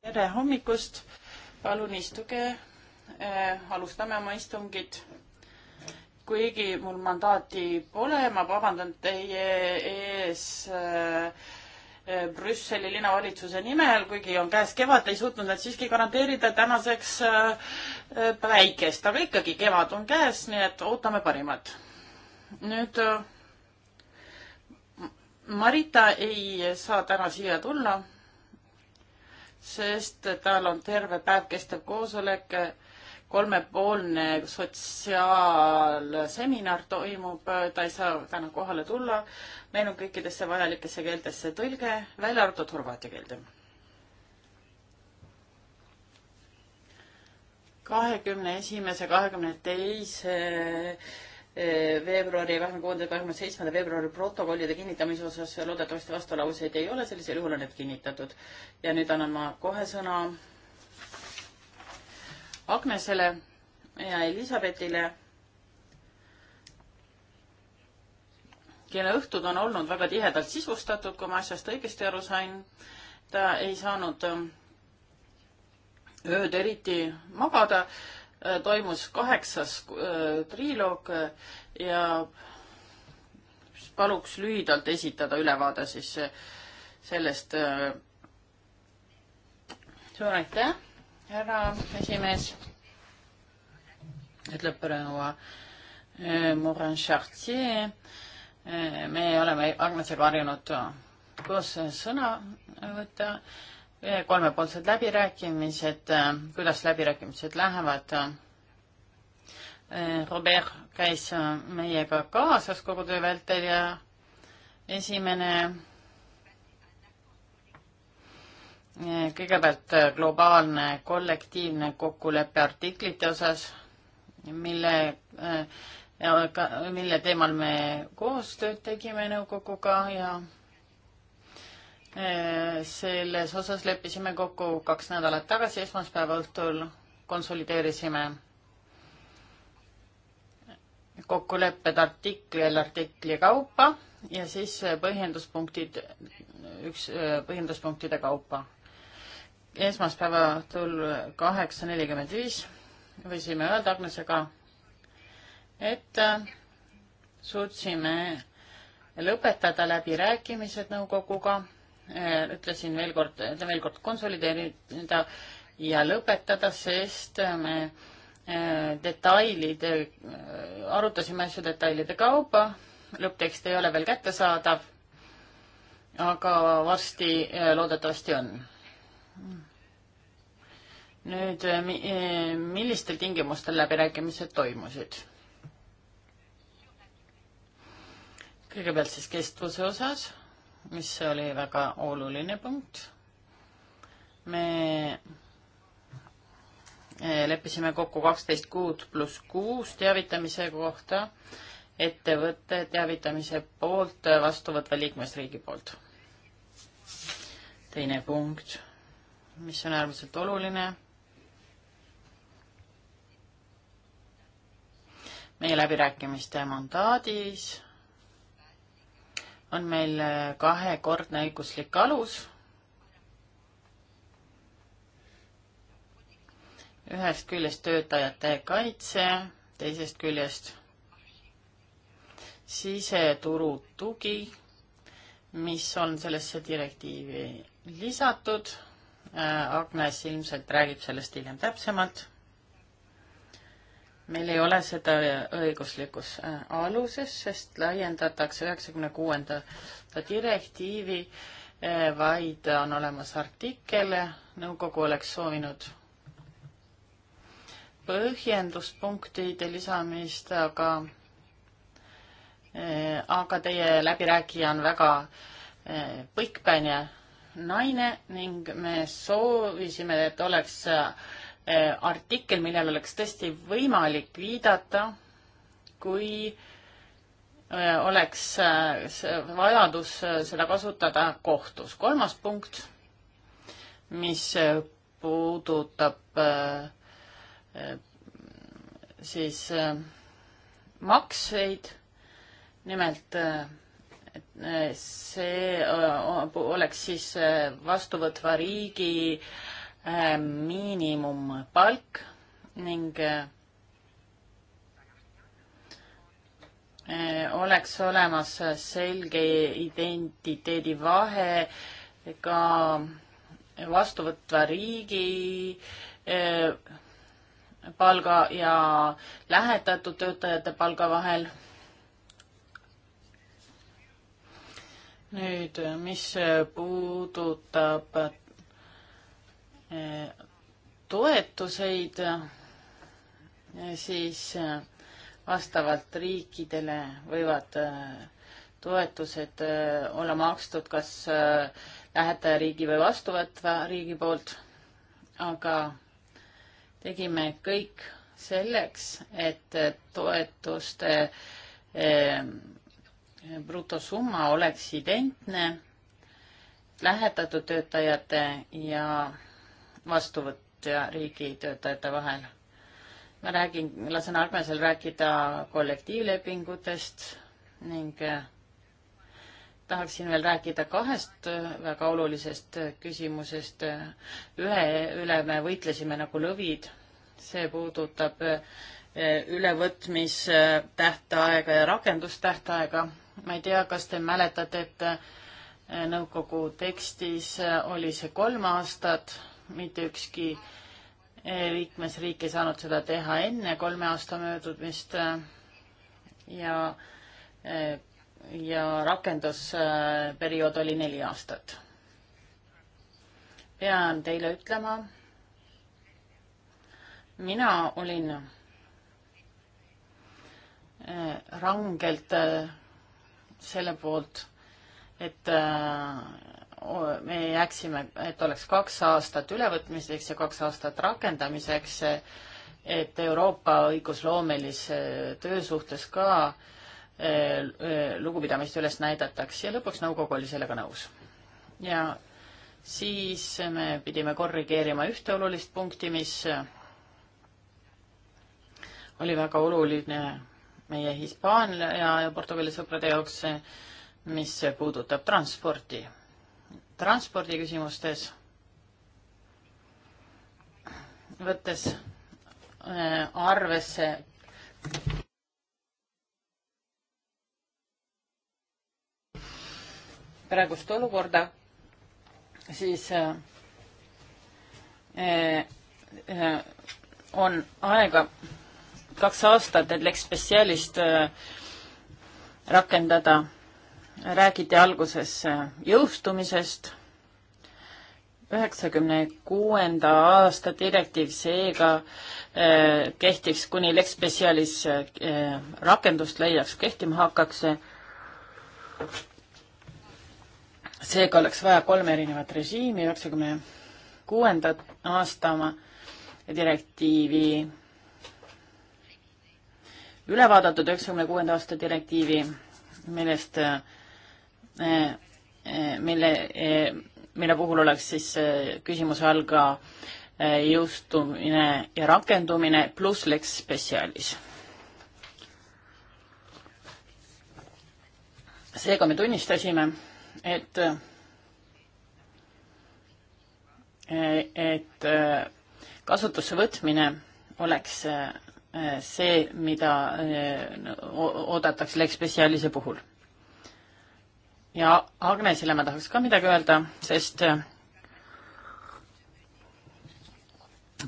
tere hommikust, palun istuge, eh, alustame oma istungit. kuigi mul mandaati pole, ma vabandan teie ees eh, eh, Brüsseli linnavalitsuse nimel, kuigi on käes kevad, ei suutnud nad siiski garanteerida tänaseks päikest, aga ikkagi kevad on käes, nii et ootame parimat. nüüd Marita ei saa täna siia tulla sest tal on terve päev kestev koosolek, kolmepoolne sotsiaalseminar toimub, ta ei saa täna kohale tulla. meil on kõikidesse vajalikesse keeltesse tõlge, välja arvatud horvaatia keelde. kahekümne esimese, kahekümne teise veebruari ja kahekümne kuuenda ja kahekümne seitsmenda veebruari protokollide kinnitamise osas loodetavasti vastulauseid ei ole, sellisel juhul on need kinnitatud. ja nüüd annan ma kohe sõna Agnesele ja Elisabethile, kelle õhtud on olnud väga tihedalt sisustatud, kui ma asjast õigesti aru sain. ta ei saanud ööd eriti magada toimus kaheksas äh, triloog äh, ja paluks lühidalt esitada ülevaade siis äh, sellest. suur aitäh, härra esimees, ütleb proua Morin Chartier. me oleme Agnesega harjunud koos sõna võtta kolmepoolsed läbirääkimised, äh, kuidas läbirääkimised lähevad. Äh, Robert käis äh, meiega kaasas kogu töö vältel ja esimene kõigepealt globaalne kollektiivne kokkulepe artiklite osas, mille, mille teemal me koostööd tegime nõukoguga ja Äh, selles osas leppisime kokku kaks nädalat tagasi, esmaspäeva õhtul konsolideerisime kokkulepped artiklil artikli kaupa ja siis äh, põhjenduspunktid, üks äh, põhjenduspunktide kaupa. esmaspäeva õhtul kaheksa nelikümmend viis võisime öelda Agnesega, et suutsime lõpetada läbirääkimised nõukoguga Äh, ütlesin veel kord, ütlen äh, veel kord, konsolideerida ja lõpetada, sest me äh, detailide, arutasime asju detailide kaupa, lõpptekst ei ole veel kättesaadav, aga varsti loodetavasti on. nüüd, millistel tingimustel läbirääkimised toimusid? kõigepealt siis kestvuse osas mis oli väga oluline punkt. me eh, leppisime kokku kaksteist kuud pluss kuus teavitamise kohta ettevõtte teavitamise poolt vastuvõtva liikmesriigi poolt. teine punkt, mis on äärmiselt oluline. meie läbirääkimiste mandaadis on meil äh, kahekordne õiguslik alus. ühest küljest töötajate kaitse, teisest küljest siseturu tugi, mis on sellesse direktiivi lisatud. Äh, Agnes ilmselt räägib sellest hiljem täpsemalt meil ei ole seda õiguslikus äh, aluses, sest laiendatakse üheksakümne kuuenda direktiivi, äh, vaid on olemas artikkel, nõukogu oleks soovinud põhjenduspunktide lisamist, aga äh, aga teie läbirääkija on väga põikpäine naine ning me soovisime, et oleks Äh, artikkel, millele oleks tõesti võimalik viidata, kui äh, oleks äh, vajadus seda kasutada kohtus. kolmas punkt, mis puudutab siis makseid, nimelt see oleks siis vastuvõtva riigi äh, miinimumpalk ning äh, oleks olemas selge identiteedi vahe ka vastuvõtva riigi äh, palga ja lähetatud töötajate palga vahel. nüüd, mis puudutab toetuseid, eh, siis eh, vastavalt riikidele võivad eh, toetused olla makstud kas lähetajariigi või vastuvõtva riigi poolt, aga tegime kõik selleks, et toetuste brutosumma oleks identne lähetatud töötajate ja vastuvõtja riigi töötajate vahel. ma räägin, lasen Agnesel rääkida kollektiivlepingutest ning äh, tahaksin veel rääkida kahest äh, väga olulisest äh, küsimusest. ühe üle me võitlesime nagu lõvid, see puudutab ülevõtmistähtaega ja rakendustähtaega. ma ei tea, kas te mäletate, et nõukogu tekstis oli see kolm aastat mitte ükski eh, liikmesriik ei saanud seda teha enne kolme aasta möödumist eh, ja, eh, ja rakendusperiood oli neli aastat. pean teile ütlema, mina olin rangelt selle poolt, et me jääksime, et oleks kaks aastat ülevõtmiseks ja kaks aastat rakendamiseks, et Euroopa õigusloomelise töö suhtes ka eh, eh, lugupidamist üles näidataks ja lõpuks nõukogu oli sellega nõus. ja siis me pidime korrigeerima ühte olulist punkti, mis oli väga oluline meie Hispaania ja Portugali sõprade jaoks, mis puudutab transporti transpordiküsimustes, võttes äh, arvesse praegust olukorda, siis äh, äh, on aega kaks aastat, et Lex Specialist rakendada räägiti alguses äh, jõustumisest. üheksakümne kuuenda aasta direktiiv seega äh, kehtiks kuni Lex Specialis äh, rakendust leiaks kehtima hakkaks. seega oleks vaja kolme erinevat režiimi, üheksakümne kuuenda aasta oma direktiivi üle vaadatud üheksakümne kuuenda aasta direktiivi, millest Eh, eh, mille, eh, mille puhul oleks siis küsimuse all ka jõustumine ja rakendumine pluss Lex Specialis. seega me tunnistasime, et, et kasutusse võtmine oleks see, mida oodatakse Lex Specialise puhul ja Agnesile ma tahaks ka midagi öelda, sest äh,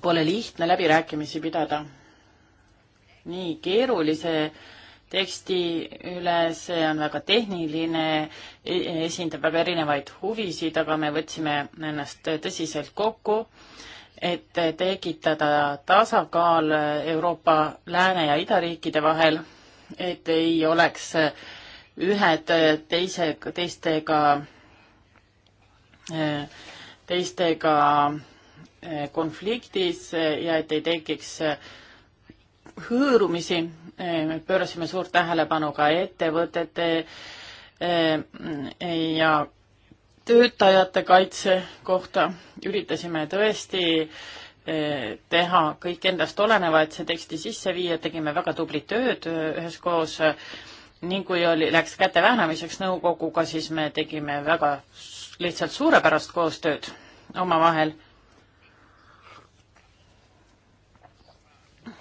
pole lihtne läbirääkimisi pidada. nii keerulise teksti üle, see on väga tehniline, e-, esindab väga erinevaid huvisid, aga me võtsime ennast tõsiselt kokku, et tekitada tasakaal Euroopa lääne- ja idariikide vahel, et ei oleks äh, ühed äh, teise, teistega, äh, teistega äh, konfliktis ja et ei tekiks hõõrumisi. me pöörasime suurt tähelepanu ka ettevõtete ja töötajate kaitse kohta. üritasime tõesti teha kõik endast olenevat, see teksti sisse viia, tegime väga tublit tööd üheskoos ning kui oli, läks käte väänamiseks nõukoguga, siis me tegime väga lihtsalt suurepärast koostööd omavahel.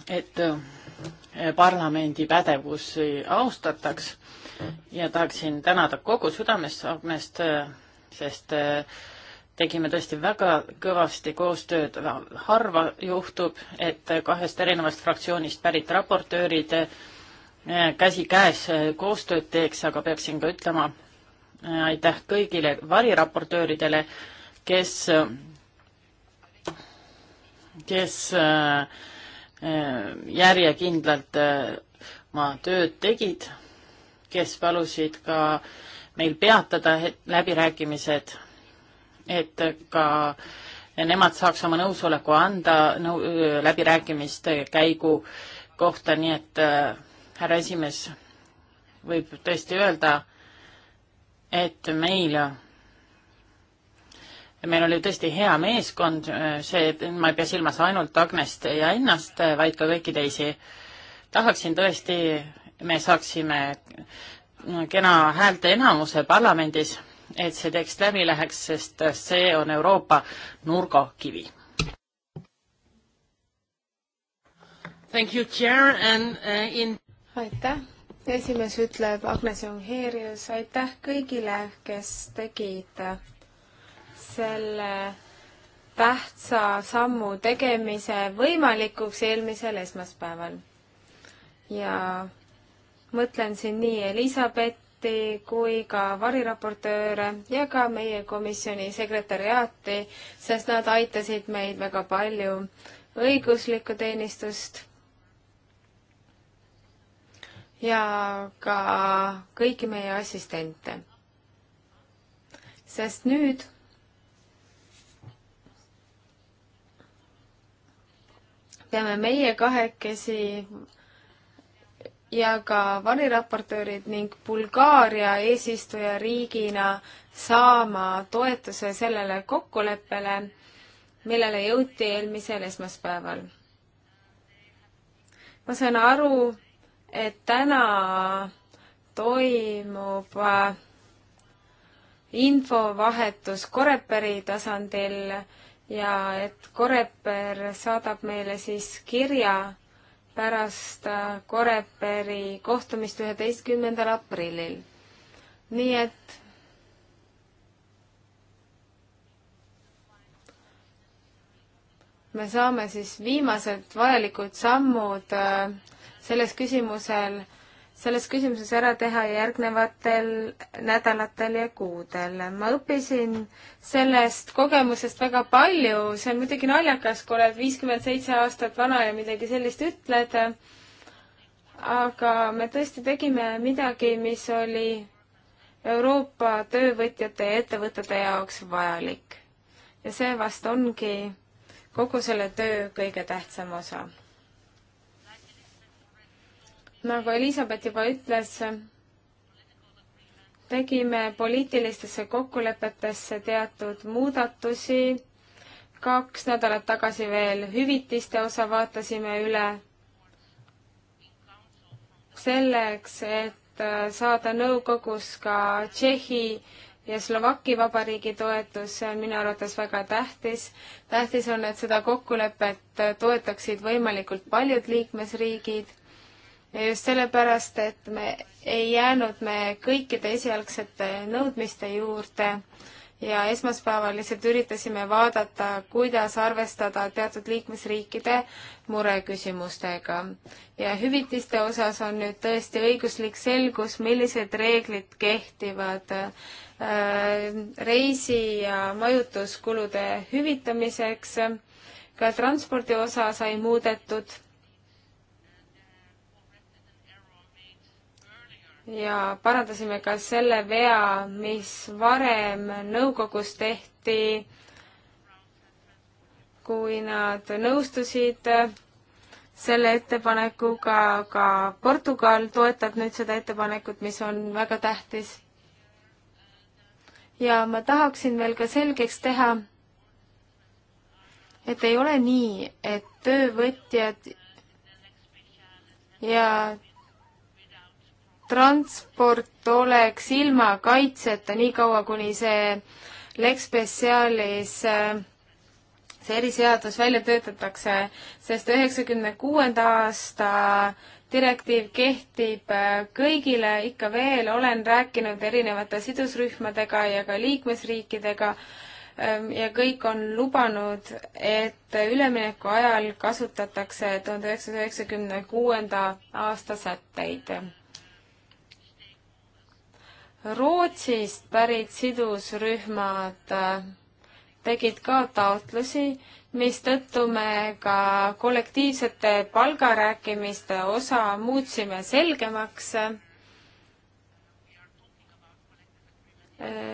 et äh, parlamendi pädevusi austataks ja tahaksin tänada kogu südamest, südamest, äh, sest äh, tegime tõesti väga kõvasti koostööd, harva juhtub, et kahest erinevast fraktsioonist pärit raportöörid Äh, käsikäes äh, koostööd teeks, aga peaksin ka ütlema äh, aitäh kõigile variraportööridele, kes, kes järjekindlalt oma tööd tegid, kes palusid ka meil peatada läbirääkimised, et ka nemad saaks oma nõusoleku anda nõu, läbirääkimiste käigu kohta, nii et äh, härra esimees, võib tõesti öelda, et meil, meil oli tõesti hea meeskond, see, ma ei pea silmas ainult Agnest ja ennast, vaid ka kõiki teisi. tahaksin tõesti, me saaksime kena häälte enamuse parlamendis, et see tekst läbi läheks, sest see on Euroopa nurgakivi Thank you, Chair, and uh, in aitäh, esimees ütleb Agnes Jongheerius, aitäh kõigile, kes tegid selle tähtsa sammu tegemise võimalikuks eelmisel esmaspäeval. ja mõtlen siin nii Elisabethi kui ka variraportööre ja ka meie komisjoni sekretäriaati, sest nad aitasid meid väga palju, õiguslikku teenistust ja ka kõiki meie assistente. sest nüüd peame meie kahekesi ja ka variraportöörid ning Bulgaaria eesistujariigina saama toetuse sellele kokkuleppele, millele jõuti eelmisel esmaspäeval. ma saan aru, et täna toimub äh, infovahetus Coreperi tasandil ja et Coreper saadab meile siis kirja pärast Coreperi äh, kohtumist üheteistkümnendal aprillil. nii et me saame siis viimased vajalikud sammud äh, selles küsimusel, selles küsimuses ära teha järgnevatel nädalatel ja kuudel. ma õppisin sellest kogemusest väga palju, see on muidugi naljakas, kui oled viiskümmend seitse aastat vana ja midagi sellist ütled, aga me tõesti tegime midagi, mis oli Euroopa töövõtjate ja ettevõtete jaoks vajalik. ja see vast ongi kogu selle töö kõige tähtsam osa nagu Elizabeth juba ütles, tegime poliitilistesse kokkulepetesse teatud muudatusi. kaks nädalat tagasi veel hüvitiste osa vaatasime üle. selleks, et äh, saada nõukogus ka Tšehhi ja Slovakki Vabariigi toetus, see on minu arvates väga tähtis. tähtis on, et seda kokkulepet äh, toetaksid võimalikult paljud liikmesriigid ja just sellepärast, et me ei jäänud me kõikide esialgsete nõudmiste juurde ja esmaspäeval lihtsalt üritasime vaadata, kuidas arvestada teatud liikmesriikide mureküsimustega. ja hüvitiste osas on nüüd tõesti õiguslik selgus, millised reeglid kehtivad äh, reisi- ja majutuskulude hüvitamiseks. ka transpordi osa sai muudetud ja parandasime ka selle vea, mis varem nõukogus tehti, kui nad nõustusid selle ettepanekuga, aga Portugal toetab nüüd seda ettepanekut, mis on väga tähtis. ja ma tahaksin veel ka selgeks teha, et ei ole nii, et töövõtjad ja transport oleks ilma kaitseta niikaua, kuni see Lex Specialis, äh, see eriseadus välja töötatakse, sest üheksakümne kuuenda aasta direktiiv kehtib äh, kõigile ikka veel, olen rääkinud erinevate sidusrühmadega ja ka liikmesriikidega ähm, ja kõik on lubanud, et ülemineku ajal kasutatakse tuhande üheksasaja üheksakümne kuuenda aasta sätteid Rootsist pärit sidusrühmad äh, tegid ka taotlusi, mistõttu me ka kollektiivsete palgarääkimiste osa muutsime selgemaks.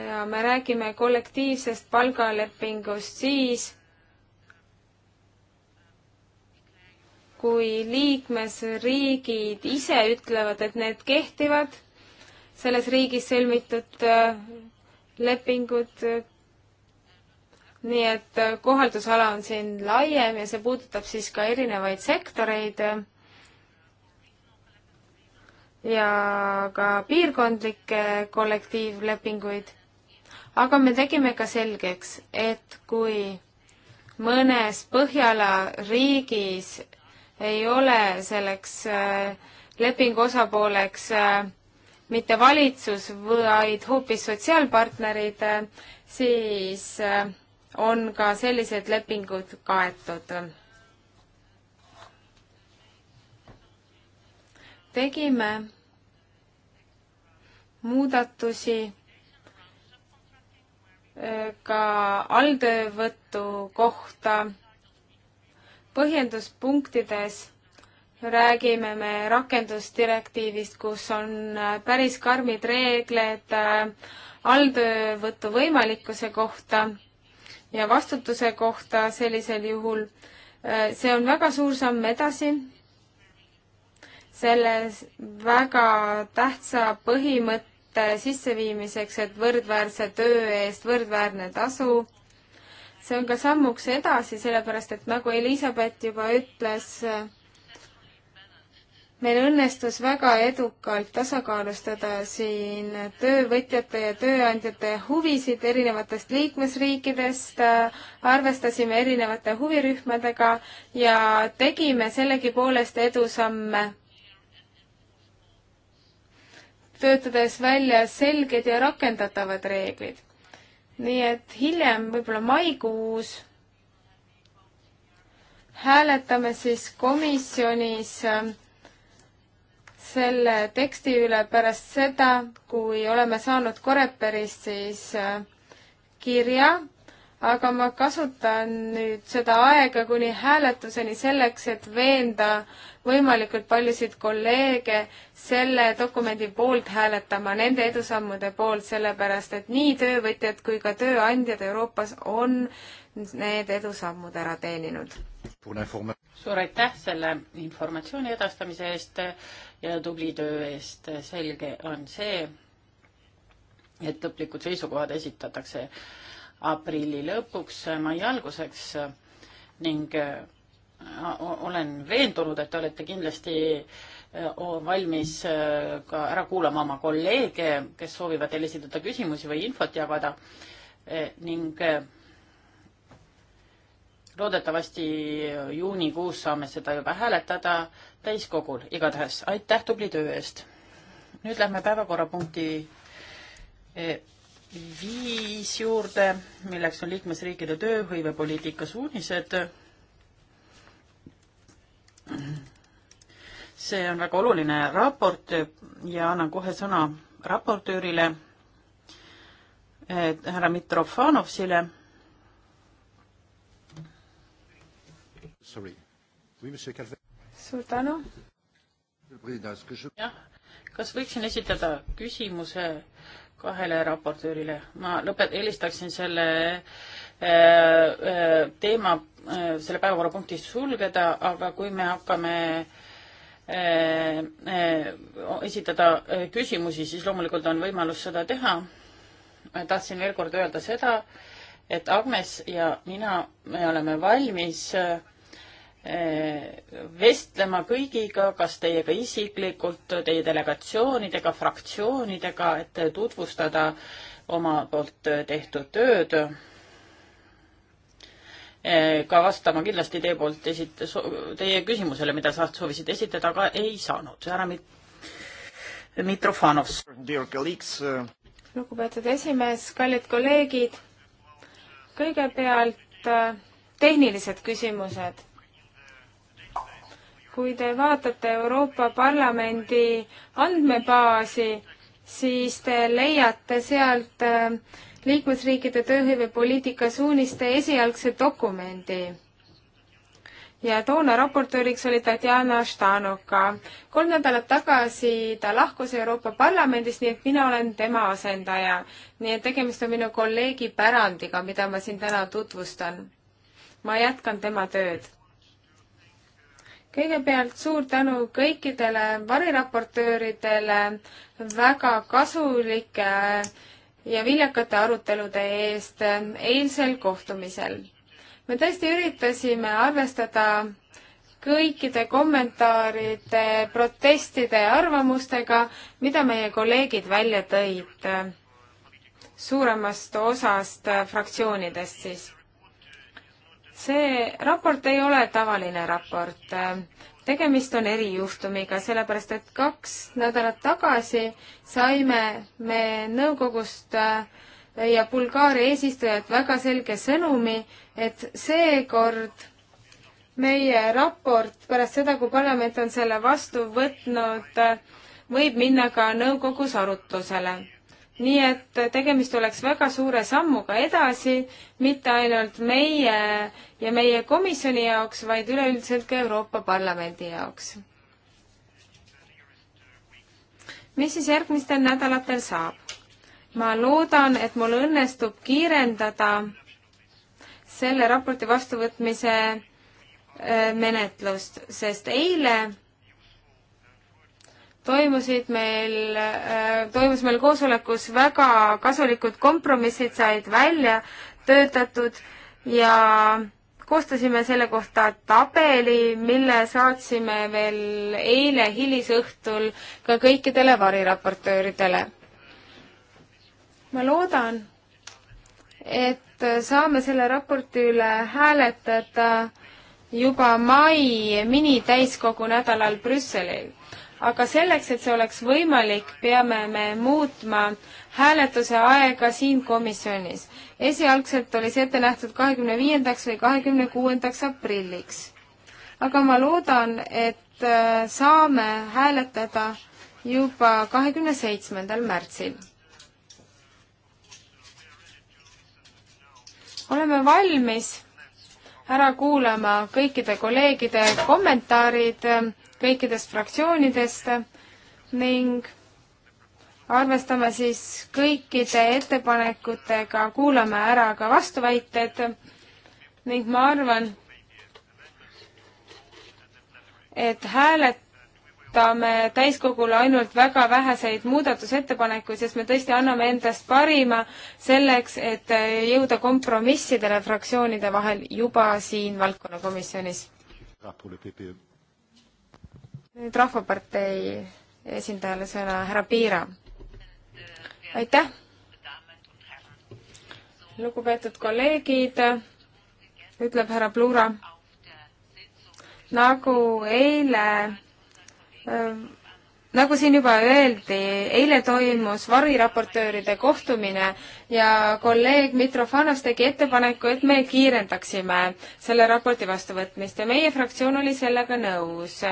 ja me räägime kollektiivsest palgalepingust siis, kui liikmesriigid ise ütlevad, et need kehtivad selles riigis sõlmitud äh, lepingud. Äh, nii et äh, kohaldusala on siin laiem ja see puudutab siis ka erinevaid sektoreid ja ka piirkondlikke kollektiivlepinguid. aga me tegime ka selgeks, et kui mõnes Põhjala riigis ei ole selleks lepingu osapooleks äh, mitte valitsus, vaid hoopis sotsiaalpartnerid, siis äh, on ka sellised lepingud kaetud. tegime muudatusi äh, ka alltöövõtu kohta põhjenduspunktides räägime me rakendusdirektiivist, kus on äh, päris karmid reeglid äh, alltöövõtu võimalikkuse kohta ja vastutuse kohta sellisel juhul. Äh, see on väga suur samm edasi selles väga tähtsa põhimõtte sisseviimiseks, et võrdväärse töö eest võrdväärne tasu. see on ka sammuks edasi, sellepärast et nagu Elizabeth juba ütles, meil õnnestus väga edukalt tasakaalustada siin töövõtjate ja tööandjate huvisid erinevatest liikmesriikidest, arvestasime erinevate huvirühmadega ja tegime sellegipoolest edusamme töötades välja selged ja rakendatavad reeglid. nii et hiljem, võib-olla maikuus, hääletame siis komisjonis äh, selle teksti üle pärast seda, kui oleme saanud Koreperist siis äh, kirja, aga ma kasutan nüüd seda aega kuni hääletuseni selleks, et veenda võimalikult paljusid kolleege selle dokumendi poolt hääletama, nende edusammude poolt, sellepärast et nii töövõtjad kui ka tööandjad Euroopas on need edusammud ära teeninud. suur aitäh selle informatsiooni edastamise eest ja tubli töö eest. selge on see, et lõplikud seisukohad esitatakse aprilli lõpuks, mai alguseks ning äh, olen veendunud, et te olete kindlasti äh, valmis äh, ka ära kuulama oma kolleege, kes soovivad teile esitada küsimusi või infot jagada ning loodetavasti juunikuus saame seda juba hääletada täiskogul, igatahes aitäh tubli töö eest. nüüd lähme päevakorrapunkti eh, viis juurde, milleks on liikmesriikide tööhõivepoliitika suunised. see on väga oluline raport ja annan kohe sõna raportöörile eh, härra Mitrofanovsile. Sorry, oui, monsieur Calvet suur tänu. jah, kas võiksin esitada küsimuse kahele raportöörile? ma lõpet-, helistaksin selle äh, äh, teema, äh, selle päevakorrapunkti sulgeda, aga kui me hakkame esitada küsimusi, siis loomulikult on võimalus seda teha. tahtsin veel kord öelda seda, et Agnes ja mina, me oleme valmis äh, Eh, vestlema kõigiga, kas teiega isiklikult, teie delegatsioonidega, fraktsioonidega, et tutvustada oma poolt tehtud tööd. Eh, ka vastama kindlasti teie poolt esit-, teie küsimusele, mida sa soovisid esitada, aga ei saanud. härra Mit-, Mitrofanov. Eh, lugupeetud esimees, kallid kolleegid, kõigepealt tehnilised küsimused kui te vaatate Euroopa Parlamendi andmebaasi, siis te leiate sealt äh, liikmesriikide tööhõivepoliitika suuniste esialgse dokumendi ja toona raportööriks oli Tatjana Štanuka. kolm nädalat tagasi ta lahkus Euroopa Parlamendist, nii et mina olen tema asendaja. nii et tegemist on minu kolleegi pärandiga, mida ma siin täna tutvustan. ma jätkan tema tööd kõigepealt suur tänu kõikidele variraportööridele väga kasulike ja viljakate arutelude eest eilsel kohtumisel. me tõesti üritasime arvestada kõikide kommentaaride, protestide ja arvamustega, mida meie kolleegid välja tõid suuremast osast fraktsioonidest siis see raport ei ole tavaline raport. tegemist on erijuhtumiga, sellepärast et kaks nädalat tagasi saime me nõukogust äh, ja Bulgaaria eesistujalt väga selge sõnumi, et seekord meie raport pärast seda, kui parlament on selle vastu võtnud, äh, võib minna ka nõukogus arutlusele nii et tegemist oleks väga suure sammuga edasi, mitte ainult meie ja meie komisjoni jaoks, vaid üleüldiselt ka Euroopa Parlamendi jaoks. mis siis järgmistel nädalatel saab? ma loodan, et mul õnnestub kiirendada selle raporti vastuvõtmise äh, menetlust, sest eile toimusid meil, äh, toimus meil koosolekus väga kasulikud kompromissid said välja töötatud ja koostasime selle kohta tabeli, mille saatsime veel eile hilisõhtul ka kõikidele variraportööridele. ma loodan, et saame selle raporti üle hääletada juba mai minitäiskogu nädalal Brüsselil aga selleks, et see oleks võimalik, peame me muutma hääletuse aega siin komisjonis. esialgselt oli see ette nähtud kahekümne viiendaks või kahekümne kuuendaks aprilliks. aga ma loodan, et äh, saame hääletada juba kahekümne seitsmendal märtsil. oleme valmis ära kuulama kõikide kolleegide kommentaarid kõikidest fraktsioonidest ning arvestame siis kõikide ettepanekutega, kuulame ära ka vastuväited ning ma arvan, et hääletame täiskogule ainult väga väheseid muudatusettepanekuid, sest me tõesti anname endast parima selleks, et jõuda kompromissidele fraktsioonide vahel juba siin valdkonnakomisjonis nüüd Rahvapartei esindajale sõna, härra Piira. aitäh! lugupeetud kolleegid, ütleb härra Plura, nagu eile äh, nagu siin juba öeldi, eile toimus variraportööride kohtumine ja kolleeg Mitrofanov tegi ettepaneku, et me kiirendaksime selle raporti vastuvõtmist ja meie fraktsioon oli sellega nõus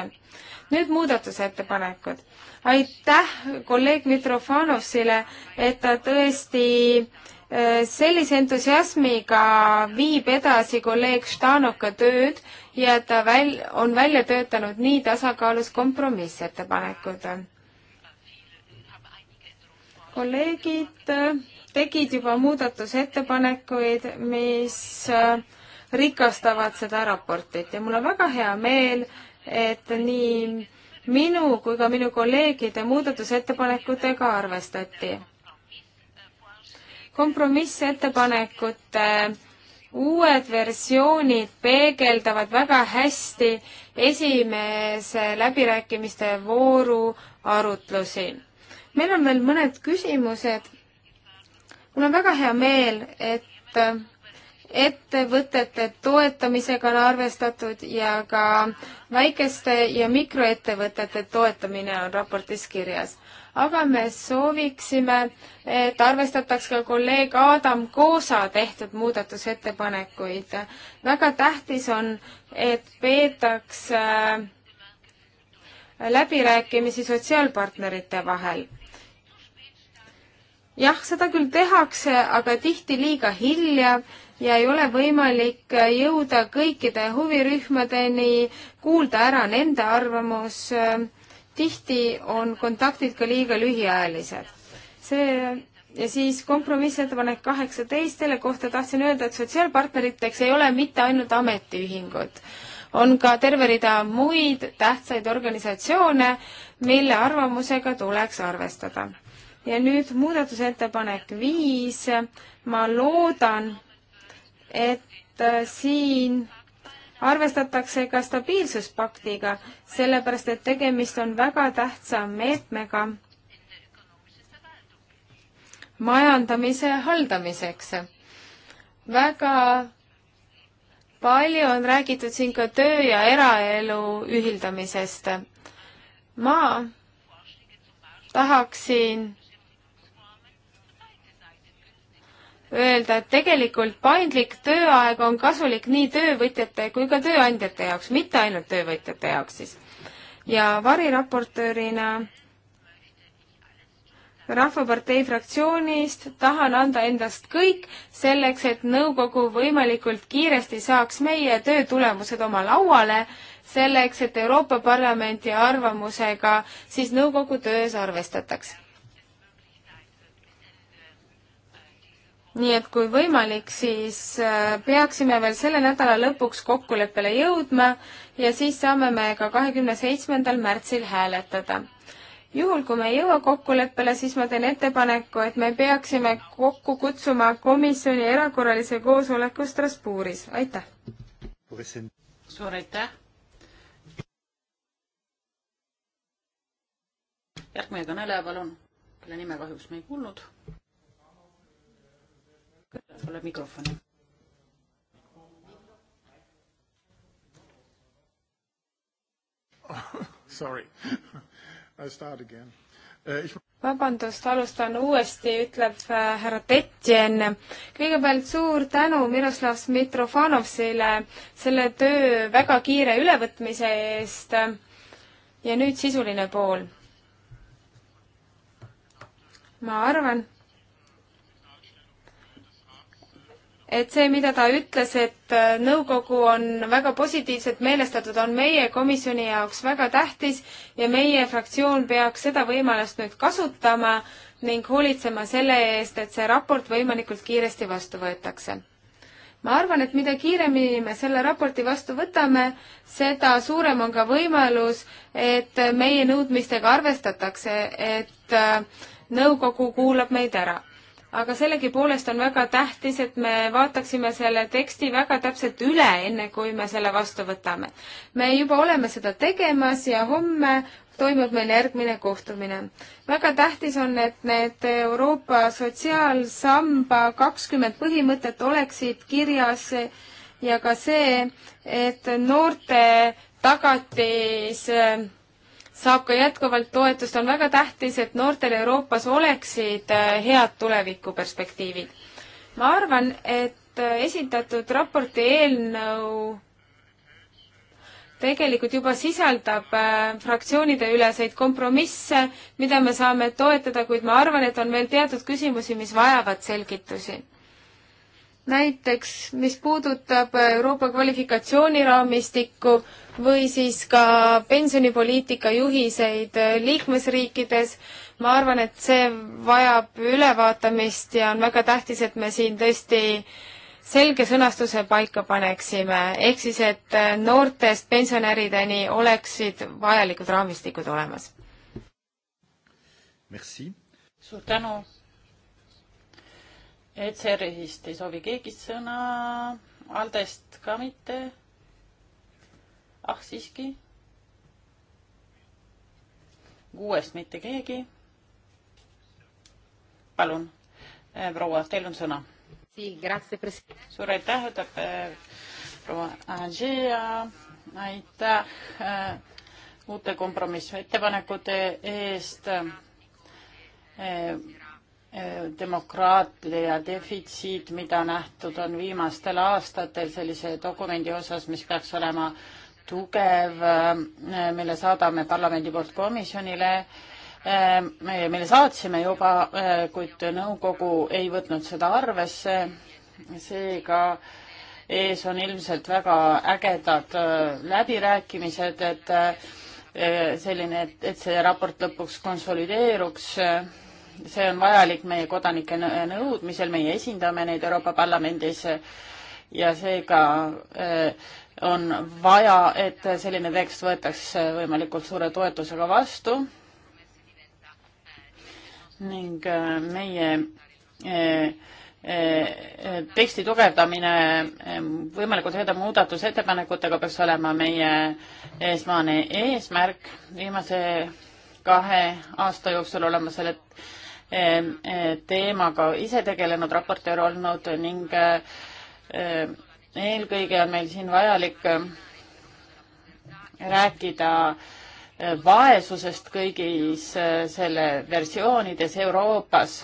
nüüd muudatusettepanekud. aitäh kolleeg Mitrofanovile, et ta tõesti äh, sellise entusiasmiga viib edasi kolleeg Štanoka tööd ja ta väl-, on välja töötanud nii tasakaalus kompromissettepanekud. kolleegid äh, tegid juba muudatusettepanekuid, mis äh, rikastavad seda raportit ja mul on väga hea meel, et nii minu kui ka minu kolleegide muudatusettepanekutega arvestati. kompromissettepanekute uued versioonid peegeldavad väga hästi esimese läbirääkimiste vooru arutlusi. meil on veel mõned küsimused. mul on väga hea meel, et ettevõtete toetamisega on arvestatud ja ka väikeste ja mikroettevõtete toetamine on raportis kirjas. aga me sooviksime, et arvestataks ka kolleeg Adam Koosa tehtud muudatusettepanekuid. väga tähtis on, et peetaks äh, läbirääkimisi sotsiaalpartnerite vahel jah, seda küll tehakse, aga tihti liiga hilja ja ei ole võimalik jõuda kõikide huvirühmadeni, kuulda ära nende arvamus. tihti on kontaktid ka liiga lühiajalised. see ja siis kompromissettepanek kaheksateist, selle kohta tahtsin öelda, et sotsiaalpartneriteks ei ole mitte ainult ametiühingud. on ka terve rida muid tähtsaid organisatsioone, mille arvamusega tuleks arvestada. ja nüüd muudatusettepanek viis, ma loodan, et äh, siin arvestatakse ka stabiilsuspaktiga, sellepärast et tegemist on väga tähtsa meetmega majandamise haldamiseks. väga palju on räägitud siin ka töö ja eraelu ühildamisest. ma tahaksin öelda, et tegelikult paindlik tööaeg on kasulik nii töövõtjate kui ka tööandjate jaoks, mitte ainult töövõtjate jaoks siis. ja variraportöörina Rahvapartei fraktsioonist tahan anda endast kõik selleks, et nõukogu võimalikult kiiresti saaks meie töö tulemused oma lauale, selleks et Euroopa Parlamendi arvamusega siis nõukogu töös arvestataks nii et kui võimalik, siis äh, peaksime veel selle nädala lõpuks kokkuleppele jõudma ja siis saame me ka kahekümne seitsmendal märtsil hääletada. juhul, kui me ei jõua kokkuleppele, siis ma teen ettepaneku, et me peaksime kokku kutsuma komisjoni erakorralise koosoleku Strasbourgis, aitäh! suur aitäh! järgmine kõneleja, palun, kelle nime kahjuks me ei kuulnud pole mikrofoni. Sorry, I start again uh,. Ich... vabandust, alustan uuesti, ütleb äh, härra Tetjen. kõigepealt suur tänu Miroslav Mitrofanovsile selle töö väga kiire ülevõtmise eest. ja nüüd sisuline pool. ma arvan, et see, mida ta ütles, et äh, nõukogu on väga positiivselt meelestatud, on meie komisjoni jaoks väga tähtis ja meie fraktsioon peaks seda võimalust nüüd kasutama ning hoolitsema selle eest, et see raport võimalikult kiiresti vastu võetakse. ma arvan, et mida kiiremini me selle raporti vastu võtame, seda suurem on ka võimalus, et meie nõudmistega arvestatakse, et äh, nõukogu kuulab meid ära aga sellegipoolest on väga tähtis, et me vaataksime selle teksti väga täpselt üle, enne kui me selle vastu võtame. me juba oleme seda tegemas ja homme toimub meil järgmine kohtumine. väga tähtis on, et need Euroopa sotsiaalsamba kakskümmend põhimõtet oleksid kirjas ja ka see, et noorte tagatis äh, saab ka jätkuvalt toetust, on väga tähtis, et noortel Euroopas oleksid äh, head tulevikuperspektiivid. ma arvan, et äh, esitatud raporti eelnõu tegelikult juba sisaldab äh, fraktsioonideüleseid kompromisse, mida me saame toetada, kuid ma arvan, et on veel teatud küsimusi, mis vajavad selgitusi. näiteks, mis puudutab Euroopa kvalifikatsiooniraamistikku, või siis ka pensionipoliitika juhiseid äh, liikmesriikides. ma arvan, et see vajab ülevaatamist ja on väga tähtis, et me siin tõesti selge sõnastuse paika paneksime, ehk siis, et äh, noortest pensionärideni oleksid vajalikud raamistikud olemas. suur tänu. ECR-ist ei soovi keegi sõna, Aldest ka mitte ah siiski. kuuest mitte keegi. palun, eh, proua, teil on sõna. suur aitäh, ütleb eh, proua Anžeja, aitäh äh, uute kompromissettepanekute eest äh, demokraatia defitsiit, mida nähtud on viimastel aastatel sellise dokumendi osas, mis peaks olema äh, tugev, äh, mille saadame parlamendi poolt komisjonile, äh, mille saatsime juba, äh, kuid nõukogu ei võtnud seda arvesse, seega ees on ilmselt väga ägedad läbirääkimised, et selline, et, et see raport lõpuks konsolideeruks see on vajalik meie kodanike nõudmisel, meie esindame neid Euroopa Parlamendis ja seega on vaja, et selline tekst võetakse võimalikult suure toetusega vastu ning äh, meie äh, äh, teksti tugevdamine võimalikult heade muudatusettepanekutega peaks olema meie esmane eesmärk. viimase kahe aasta jooksul olen ma selle teemaga ise tegelenud, raportöör olnud ning eelkõige on meil siin vajalik äh, rääkida äh, vaesusest kõigis äh, selle versioonides Euroopas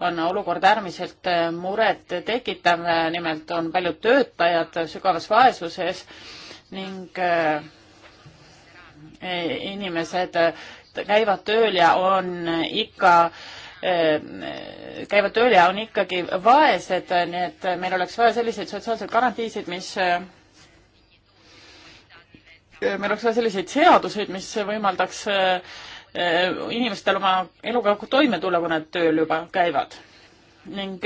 on olukord äärmiselt muret tekitav, nimelt on paljud töötajad sügavas vaesuses ning inimesed käivad tööl ja on ikka äh, Äh, käivad tööl ja on ikkagi vaesed, nii et meil oleks vaja selliseid sotsiaalseid garantiisid, mis äh, äh, meil oleks vaja selliseid seaduseid, mis võimaldaks inimestel oma eluga toime tulla, kui nad tööl juba käivad. ning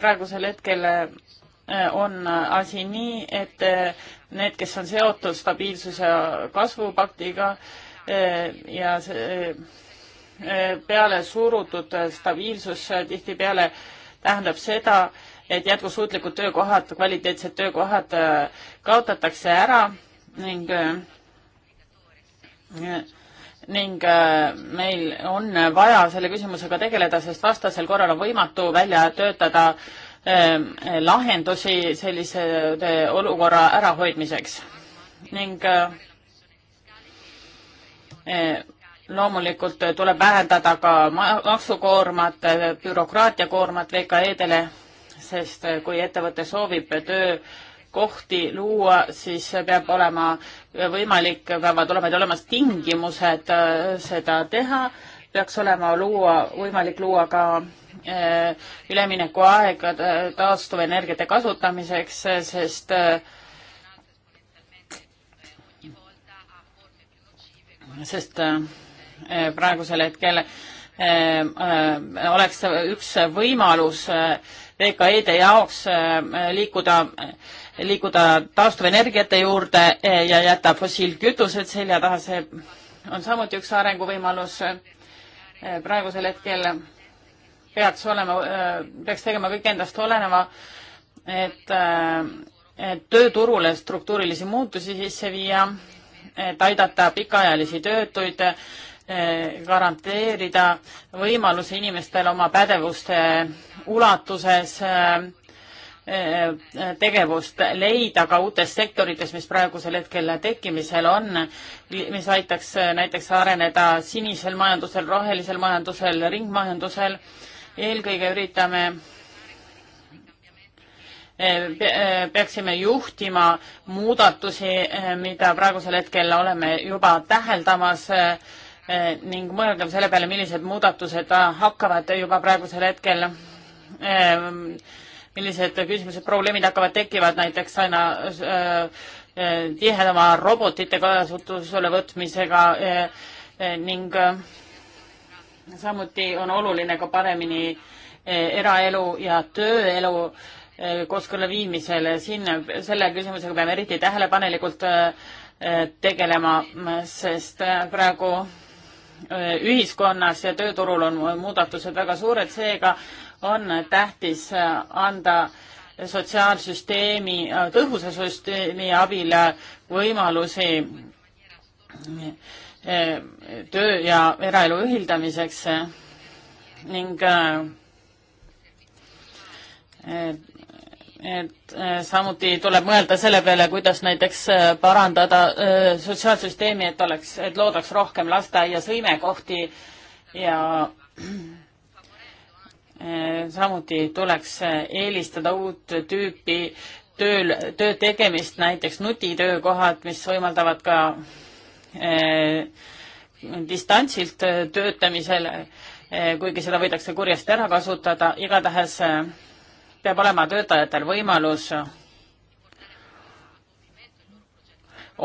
praegusel hetkel on asi nii, et need, kes on seotud stabiilsuse kasvupaktiga ja see Eh, peale surutud stabiilsus eh, tihtipeale tähendab seda, et jätkusuutlikud töökohad, kvaliteetsed töökohad eh, kaotatakse ära ning ning meil on vaja selle küsimusega tegeleda, sest vastasel korral on võimatu välja töötada lahendusi sellise olukorra ärahoidmiseks ning loomulikult tuleb vähendada ka maksukoormat, bürokraatiakoormat VKE-dele, sest kui ettevõte soovib töökohti luua, siis peab olema võimalik, peavad olema olemas tingimused äh, seda teha, peaks olema luua, võimalik luua ka äh, üleminekuaeg äh, taastuvenergiate kasutamiseks, sest sest Eh, praegusel hetkel eh, eh, oleks üks võimalus VKE-de jaoks liikuda, liikuda taastuvenergiate juurde ja jätta fossiilkütused selja taha, see on samuti üks arenguvõimalus praegusel hetkel peaks olema, peaks tegema kõik endast oleneva, et, et tööturule struktuurilisi muutusi sisse viia, et aidata pikaajalisi töötuid Eh, garanteerida võimaluse inimestel oma pädevuste ulatuses eh, eh, tegevust leida ka uutes sektorites, mis praegusel hetkel tekkimisel on, mis aitaks näiteks areneda sinisel majandusel, rohelisel majandusel, ringmajandusel. eelkõige üritame, peaksime juhtima muudatusi, mida praegusel hetkel oleme juba täheldamas Eh, ning mõelgem selle peale, millised muudatused äh, hakkavad juba praegusel hetkel, eh, millised küsimused, probleemid hakkavad, tekivad näiteks aina eh, tihedama robotite kasutusele võtmisega ning samuti on oluline ka paremini eraelu ja tööelu kooskõlla viimisele, siin selle küsimusega peame eriti tähelepanelikult tegelema, sest praegu Äh, ühiskonnas ja tööturul on muudatused väga suured, seega on tähtis äh, anda sotsiaalsüsteemi, äh, tõhusa süsteemi abil võimalusi töö ja eraelu ühildamiseks ning et äh, samuti tuleb mõelda selle peale, kuidas näiteks äh, parandada äh, sotsiaalsüsteemi, et oleks, et loodaks rohkem lasteaias võimekohti ja samuti tuleks eelistada uut tüüpi tööl, töö tegemist, näiteks nutitöökohad, mis võimaldavad ka eh, distantsilt töötamisele eh,, kuigi seda võidakse kurjasti ära kasutada, igatahes eh, peab olema töötajatel võimalus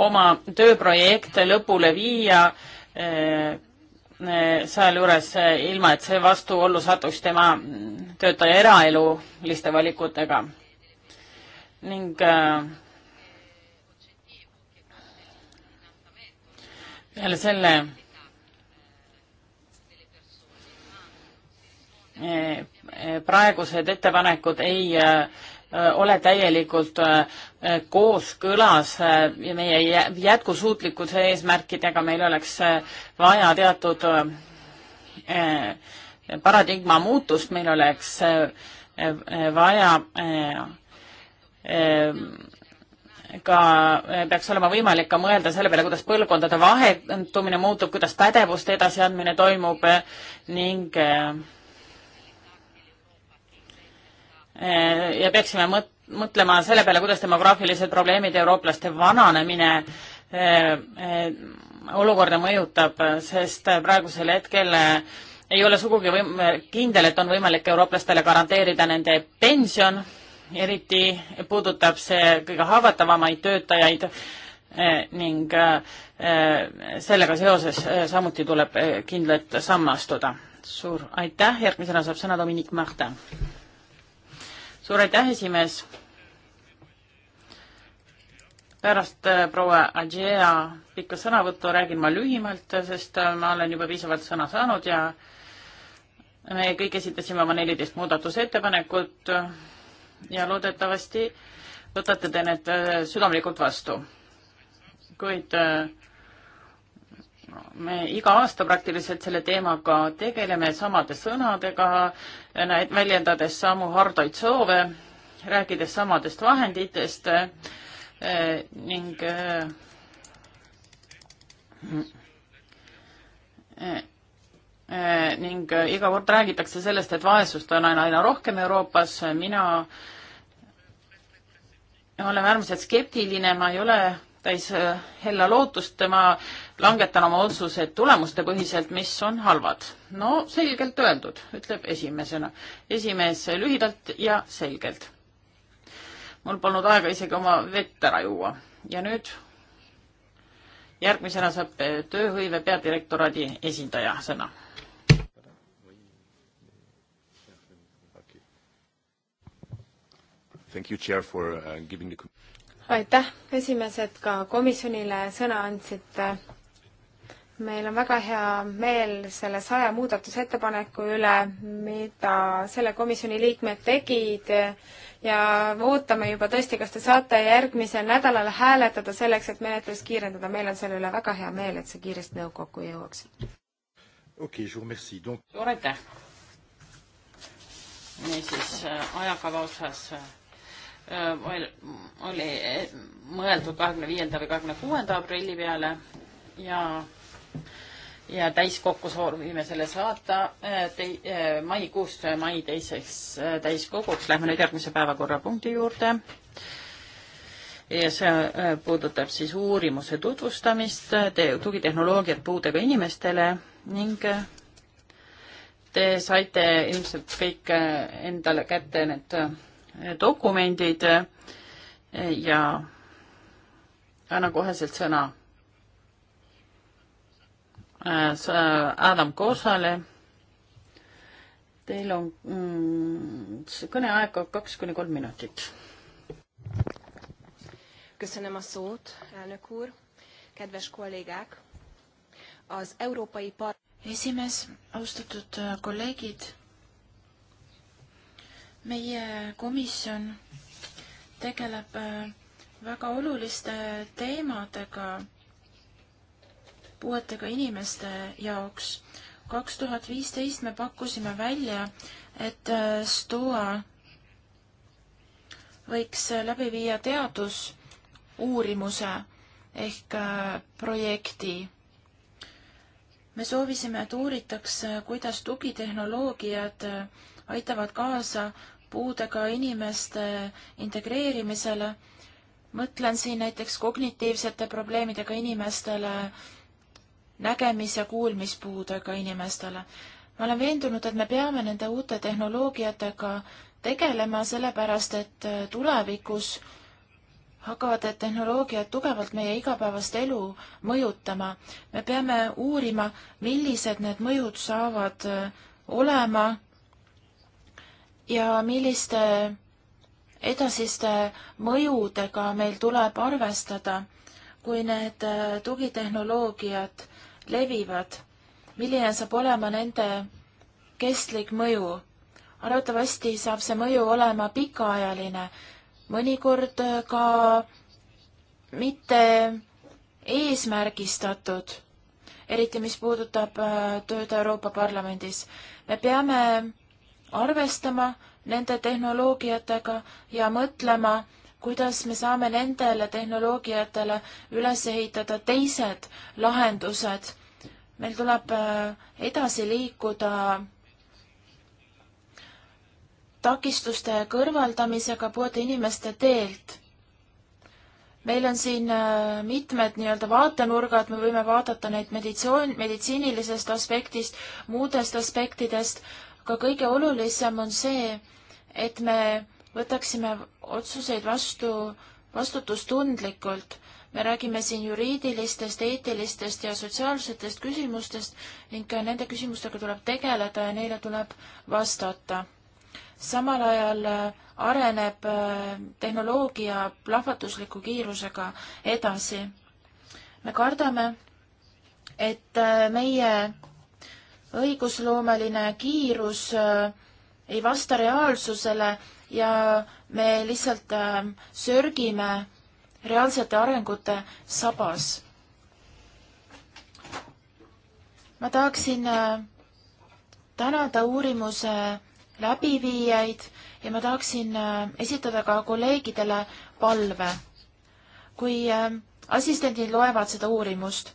oma tööprojekte lõpule viia eh, eh, sealjuures eh, ilma, et see vastuollu satuks tema töötaja eraeluliste valikutega. ning peale selle Eh, praegused ettepanekud ei eh, ole täielikult eh, kooskõlas meie jätkusuutlikkuse eesmärkidega, meil oleks vaja teatud paradigma muutust, meil oleks vaja ka peaks olema võimalik ka mõelda selle peale, kuidas põlvkondade vahetumine muutub, kuidas pädevuste edasiandmine toimub ning äh, Eh, ja peaksime mõt-, mõtlema selle peale, kuidas demograafilised probleemid, eurooplaste vananemine eh, eh, olukorda mõjutab, sest praegusel hetkel ei ole sugugi võim-, kindel, et on võimalik eurooplastele garanteerida nende pension, eriti puudutab see kõige haavatavamaid töötajaid ning sellega seoses samuti tuleb kindlalt samme astuda. suur aitäh, järgmisena saab sõna Dominic Martin suur aitäh, esimees. pärast äh, proua Adjea pikka sõnavõttu räägin ma lühimalt, sest äh, ma olen juba piisavalt sõna saanud ja me kõik esitasime oma neliteist muudatusettepanekut äh, ja loodetavasti võtate te need südamlikult vastu. kuid äh, me iga aasta praktiliselt selle teemaga tegeleme samade sõnadega, väljendades samu hardaid soove, rääkides samadest vahenditest eh, ning eh, eh, ning iga kord räägitakse sellest, et vaesust on aina, aina rohkem Euroopas, mina olen äärmiselt skeptiline, ma ei ole täis hella lootust, ma langetan oma otsused tulemustepõhiselt, mis on halvad. no selgelt öeldud, ütleb esimesena, esimees lühidalt ja selgelt. mul polnud aega isegi oma vett ära juua ja nüüd järgmisena saab eh, tööhõive peadirektoraadi esindaja sõna. Uh, aitäh, esimees, et ka komisjonile sõna andsite meil on väga hea meel selle saja muudatusettepaneku üle, mida selle komisjoni liikmed tegid ja ootame juba tõesti, kas te saate järgmisel nädalal hääletada selleks, et menetlust kiirendada, meil on selle üle väga hea meel, et see kiiresti nõukokku jõuaks. okei okay,, suur merci Donc.... suur aitäh. niisiis äh, ajakava osas äh, oli äh, mõeldud kahekümne viienda või kahekümne kuuenda aprilli peale ja ja täiskokku soovime selle saata äh, tei-, äh, maikuust äh, mai teiseks täiskoguks. Lähme nüüd järgmise päevakorrapunkti juurde. ja see puudutab siis uurimuse tutvustamist, tugitehnoloogiat puudega inimestele ning te saite ilmselt kõik endale kätte need dokumendid ja annan koheselt sõna Äh, äh, Adam Koosale. Teil on mm, kõneaega kaks kuni kolm minutit. Köszönöm a szót, elnök úr, kedves kollégák! Az Európai Par... Esimees, austatud äh, kolleegid! Meie komisjon tegeleb väga oluliste teemadega puuetega inimeste jaoks. kaks tuhat viisteist me pakkusime välja, et äh, STOA võiks äh, läbi viia teadusuurimuse ehk äh, projekti. me soovisime, et uuritaks, kuidas tugitehnoloogiad aitavad kaasa puudega inimeste integreerimisele. mõtlen siin näiteks kognitiivsete probleemidega inimestele, nägemis- ja kuulmispuudega inimestele. ma olen veendunud, et me peame nende uute tehnoloogiatega tegelema, sellepärast et äh, tulevikus hakkavad need tehnoloogiad tugevalt meie igapäevast elu mõjutama. me peame uurima, millised need mõjud saavad äh, olema ja milliste edasiste mõjudega meil tuleb arvestada, kui need äh, tugitehnoloogiad levivad, milline saab olema nende kestlik mõju. arvatavasti saab see mõju olema pikaajaline, mõnikord ka mitte eesmärgistatud, eriti mis puudutab äh, tööd Euroopa Parlamendis. me peame arvestama nende tehnoloogiatega ja mõtlema, kuidas me saame nendele tehnoloogiatele üles ehitada teised lahendused. meil tuleb äh, edasi liikuda takistuste kõrvaldamisega puude inimeste teelt. meil on siin äh, mitmed nii-öelda vaatenurgad, me võime vaadata neid meditsioon, meditsiinilisest aspektist, muudest aspektidest, aga kõige olulisem on see, et me võtaksime otsuseid vastu vastutustundlikult. me räägime siin juriidilistest, eetilistest ja sotsiaalsetest küsimustest ning nende küsimustega tuleb tegeleda ja neile tuleb vastata. samal ajal äh, areneb äh, tehnoloogia plahvatusliku kiirusega edasi. me kardame, et äh, meie õigusloomeline kiirus ei vasta reaalsusele ja me lihtsalt ähm, sörgime reaalsete arengute sabas. ma tahaksin äh, tänada uurimuse läbiviijaid ja ma tahaksin äh, esitada ka kolleegidele palve. kui ähm, assistendid loevad seda uurimust,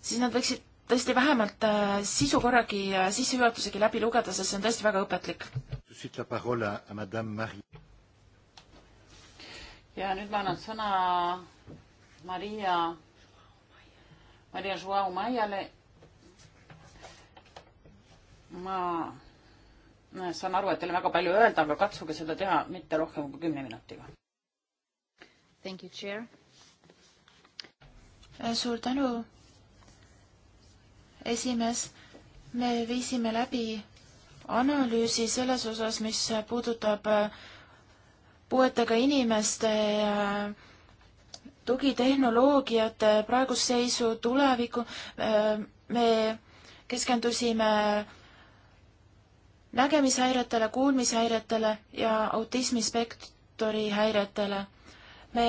siis nad võiksid tõesti vähemalt äh, sisu korragi, sissejuhatusegi läbi lugeda, sest see on tõesti väga õpetlik tout de suite la parole à, à madame Marie. ja nüüd ma annan sõna Maria, Maria Joao Maiale. ma saan aru, et teil on väga palju öelda, aga katsuge seda teha mitte rohkem kui kümne minutiga. Thank you, chair. Äh, suur tänu, esimees. me viisime läbi analüüsi selles osas, mis puudutab äh, puuetega inimeste äh, tugitehnoloogiate praegust seisu, tulevikku. Äh, me keskendusime nägemishäiretele, kuulmishäiretele ja autismispektori häiretele. me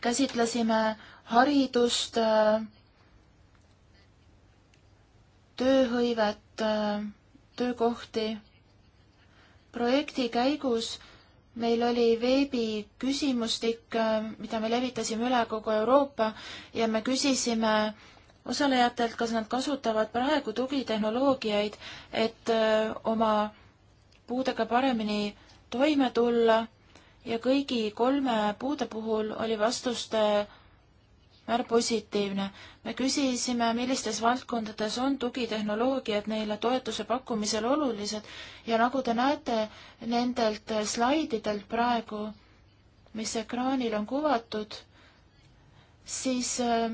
käsitlesime haridust, tööhõivet, Äh, töökohti. projekti käigus meil oli veebiküsimustik, äh, mida me levitasime üle kogu Euroopa ja me küsisime osalejatelt, kas nad kasutavad praegu tugitehnoloogiaid, et äh, oma puudega paremini toime tulla ja kõigi kolme puude puhul oli vastuste määr positiivne. me küsisime, millistes valdkondades on tugitehnoloogiad neile toetuse pakkumisel olulised ja nagu te näete nendelt slaididelt praegu, mis ekraanil on kuvatud, siis äh,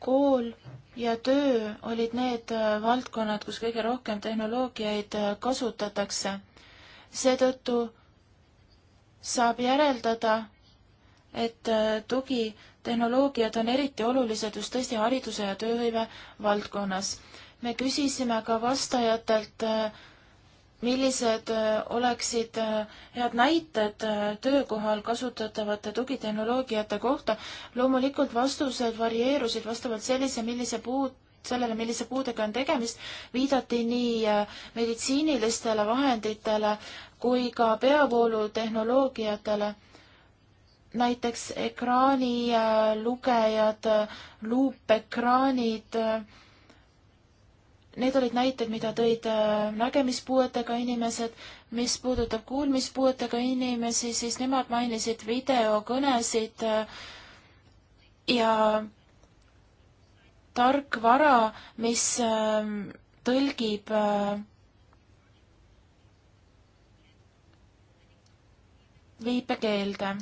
kool ja töö olid need äh, valdkonnad, kus kõige rohkem tehnoloogiaid äh, kasutatakse. seetõttu saab järeldada, et äh, tugitehnoloogiad on eriti olulised just tõesti hariduse ja tööhõive valdkonnas. me küsisime ka vastajatelt, äh, millised äh, oleksid head näited töökohal kasutatavate tugitehnoloogiate kohta. loomulikult vastused varieerusid vastavalt sellise, millise puud, sellele, millise puudega on tegemist, viidati nii meditsiinilistele vahenditele kui ka peavoolutehnoloogiatele näiteks ekraanilugejad, äh, äh, luupekraanid, äh, need olid näited, mida tõid nägemispuuetega inimesed. mis puudutab kuulmispuuetega inimesi, siis nemad mainisid videokõnesid ja tarkvara, mis tõlgib viipekeelde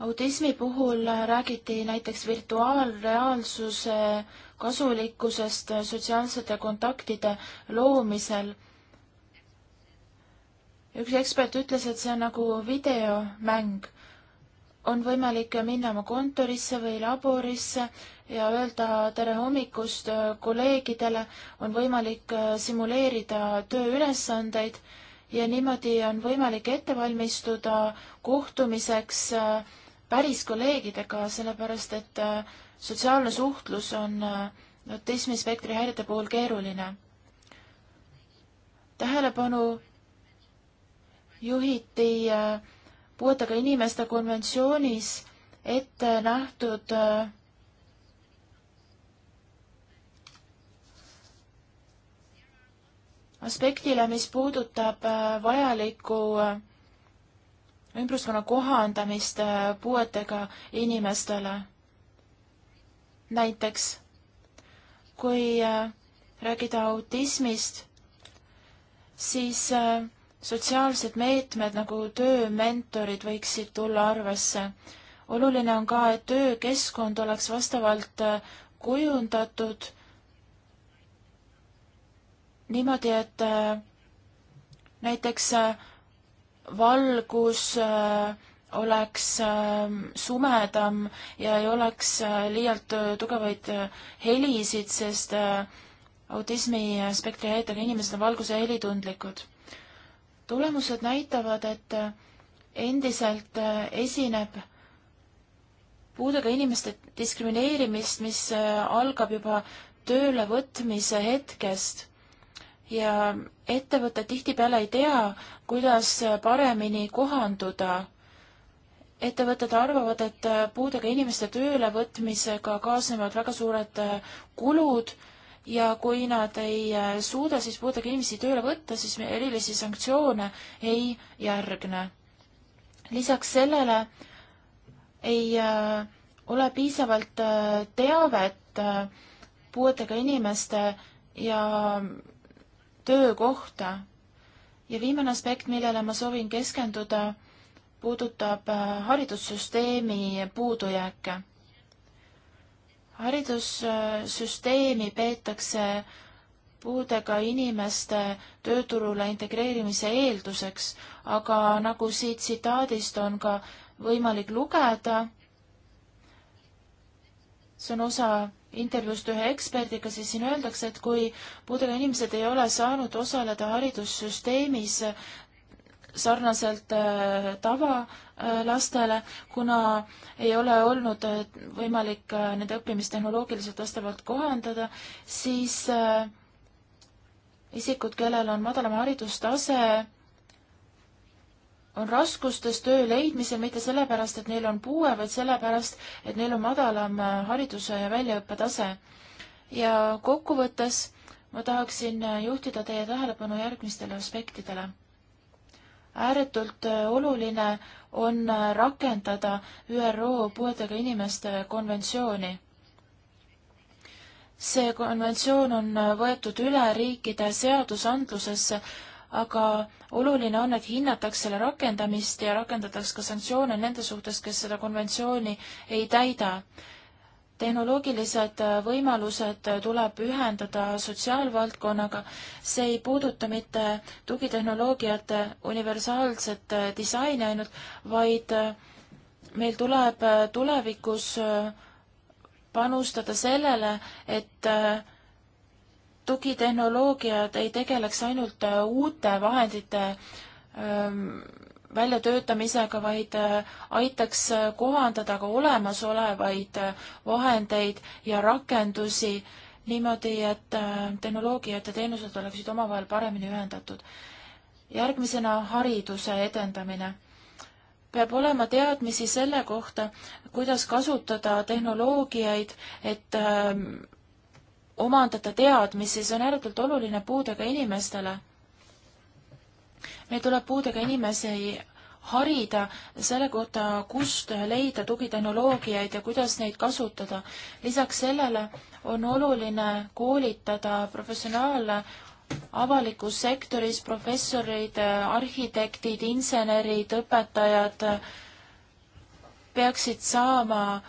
autismi puhul räägiti näiteks virtuaalreaalsuse kasulikkusest sotsiaalsete kontaktide loomisel. üks ekspert ütles, et see on nagu videomäng. on võimalik minna oma kontorisse või laborisse ja öelda tere hommikust kolleegidele, on võimalik äh, simuleerida tööülesandeid ja niimoodi on võimalik ette valmistuda kohtumiseks äh, päris kolleegidega, sellepärast et äh, sotsiaalne suhtlus on äh, autismispektri häirete puhul keeruline. tähelepanu juhiti äh, puuetega inimeste konventsioonis ette nähtud aspektile, mis puudutab vajalikku ümbruskonna kohandamist äh, puuetega inimestele. näiteks kui äh, rääkida autismist, siis äh, sotsiaalsed meetmed nagu töömentorid võiksid tulla arvesse. oluline on ka, et töökeskkond oleks vastavalt kujundatud niimoodi, et näiteks valgus äh, oleks äh, sumedam ja ei oleks äh, liialt tugevaid helisid, sest autismispektri häiretega inimesed on valguse helitundlikud. tulemused näitavad, et endiselt esineb puudega inimeste diskrimineerimist, mis algab juba töölevõtmise hetkest ja ettevõte tihtipeale ei tea, kuidas paremini kohanduda. ettevõtted arvavad, et puudega inimeste töölevõtmisega kaasnevad väga suured kulud ja kui nad ei suuda siis puudega inimesi tööle võtta, siis erilisi sanktsioone ei järgne. lisaks sellele ei äh, ole piisavalt äh, teavet äh, puuetega inimeste ja töökohta. ja viimane aspekt, millele ma soovin keskenduda, puudutab äh, haridussüsteemi puudujääke. haridussüsteemi peetakse puudega inimeste tööturule integreerimise eelduseks, aga nagu siit tsitaadist on ka võimalik lugeda, see on osa intervjuust ühe eksperdiga, siis siin öeldakse, et kui puudega inimesed ei ole saanud osaleda haridussüsteemis sarnaselt äh, tavalastele, äh, kuna ei ole olnud äh, võimalik nende õppimist tehnoloogiliselt vastavalt kohandada, siis isikud, kellel on madalam haridustase, on raskustes töö leidmisel mitte sellepärast, et neil on puue, vaid sellepärast, et neil on madalam äh, hariduse ja väljaõppetase. ja kokkuvõttes ma tahaksin äh, juhtida teie tähelepanu järgmistele aspektidele. ääretult äh, oluline on rakendada ÜRO puuetega inimeste konventsiooni. see konventsioon on võetud üle riikide seadusandlusesse aga oluline on, et hinnataks selle rakendamist ja rakendataks ka sanktsioone nende suhtes, kes seda konventsiooni ei täida. tehnoloogilised äh, võimalused äh, tuleb ühendada sotsiaalvaldkonnaga, see ei puuduta mitte tugitehnoloogiate universaalset äh, disaini ainult, vaid meil tuleb tulevikus panustada sellele, et äh, tugitehnoloogiad ei tegeleks ainult äh, uute vahendite ähm, väljatöötamisega, vaid äh, aitaks äh, kohandada ka olemasolevaid vahendeid ja rakendusi niimoodi, et tehnoloogiad ja teenused oleksid omavahel paremini ühendatud. järgmisena hariduse edendamine. peab olema teadmisi selle kohta, kuidas kasutada tehnoloogiaid, et ähm, omandada teadmisi, see on ääretult oluline puudega inimestele. meil tuleb puudega inimesi harida selle kohta, kust leida tugitehnoloogiaid ja kuidas neid kasutada. lisaks sellele on oluline koolitada professionaale avalikus sektoris, professorid, arhitektid, insenerid, õpetajad peaksid saama äh,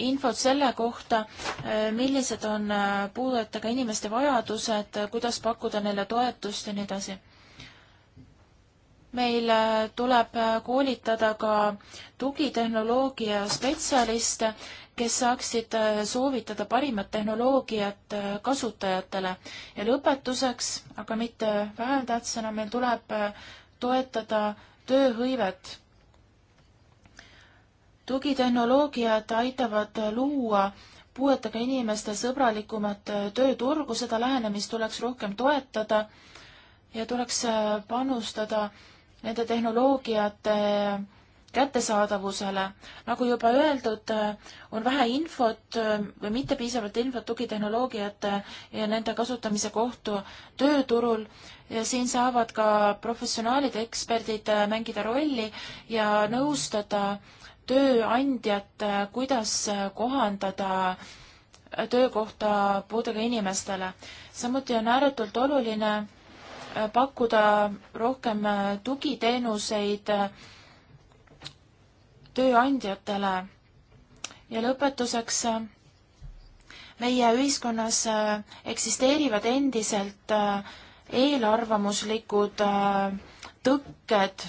infot selle kohta, äh, millised on äh, puudujatega inimeste vajadused, äh, kuidas pakkuda neile toetust ja nii edasi. meil tuleb koolitada ka tugitehnoloogia spetsialiste, kes saaksid soovitada parimat tehnoloogiat kasutajatele. ja lõpetuseks, aga mitte vähem tähtsana, meil tuleb toetada tööhõivet tugitehnoloogiad aitavad luua puuetega inimeste sõbralikumat tööturgu, seda lähenemist tuleks rohkem toetada ja tuleks panustada nende tehnoloogiate kättesaadavusele. nagu juba öeldud, on vähe infot või mitte piisavalt infot tugitehnoloogiate ja nende kasutamise kohta tööturul ja siin saavad ka professionaalid, eksperdid mängida rolli ja nõustada äh, tööandjat, äh, kuidas äh, kohandada äh, töökohta puudega inimestele. samuti on ääretult oluline pakkuda rohkem tugiteenuseid tööandjatele. ja lõpetuseks, meie ühiskonnas eksisteerivad endiselt eelarvamuslikud tõkked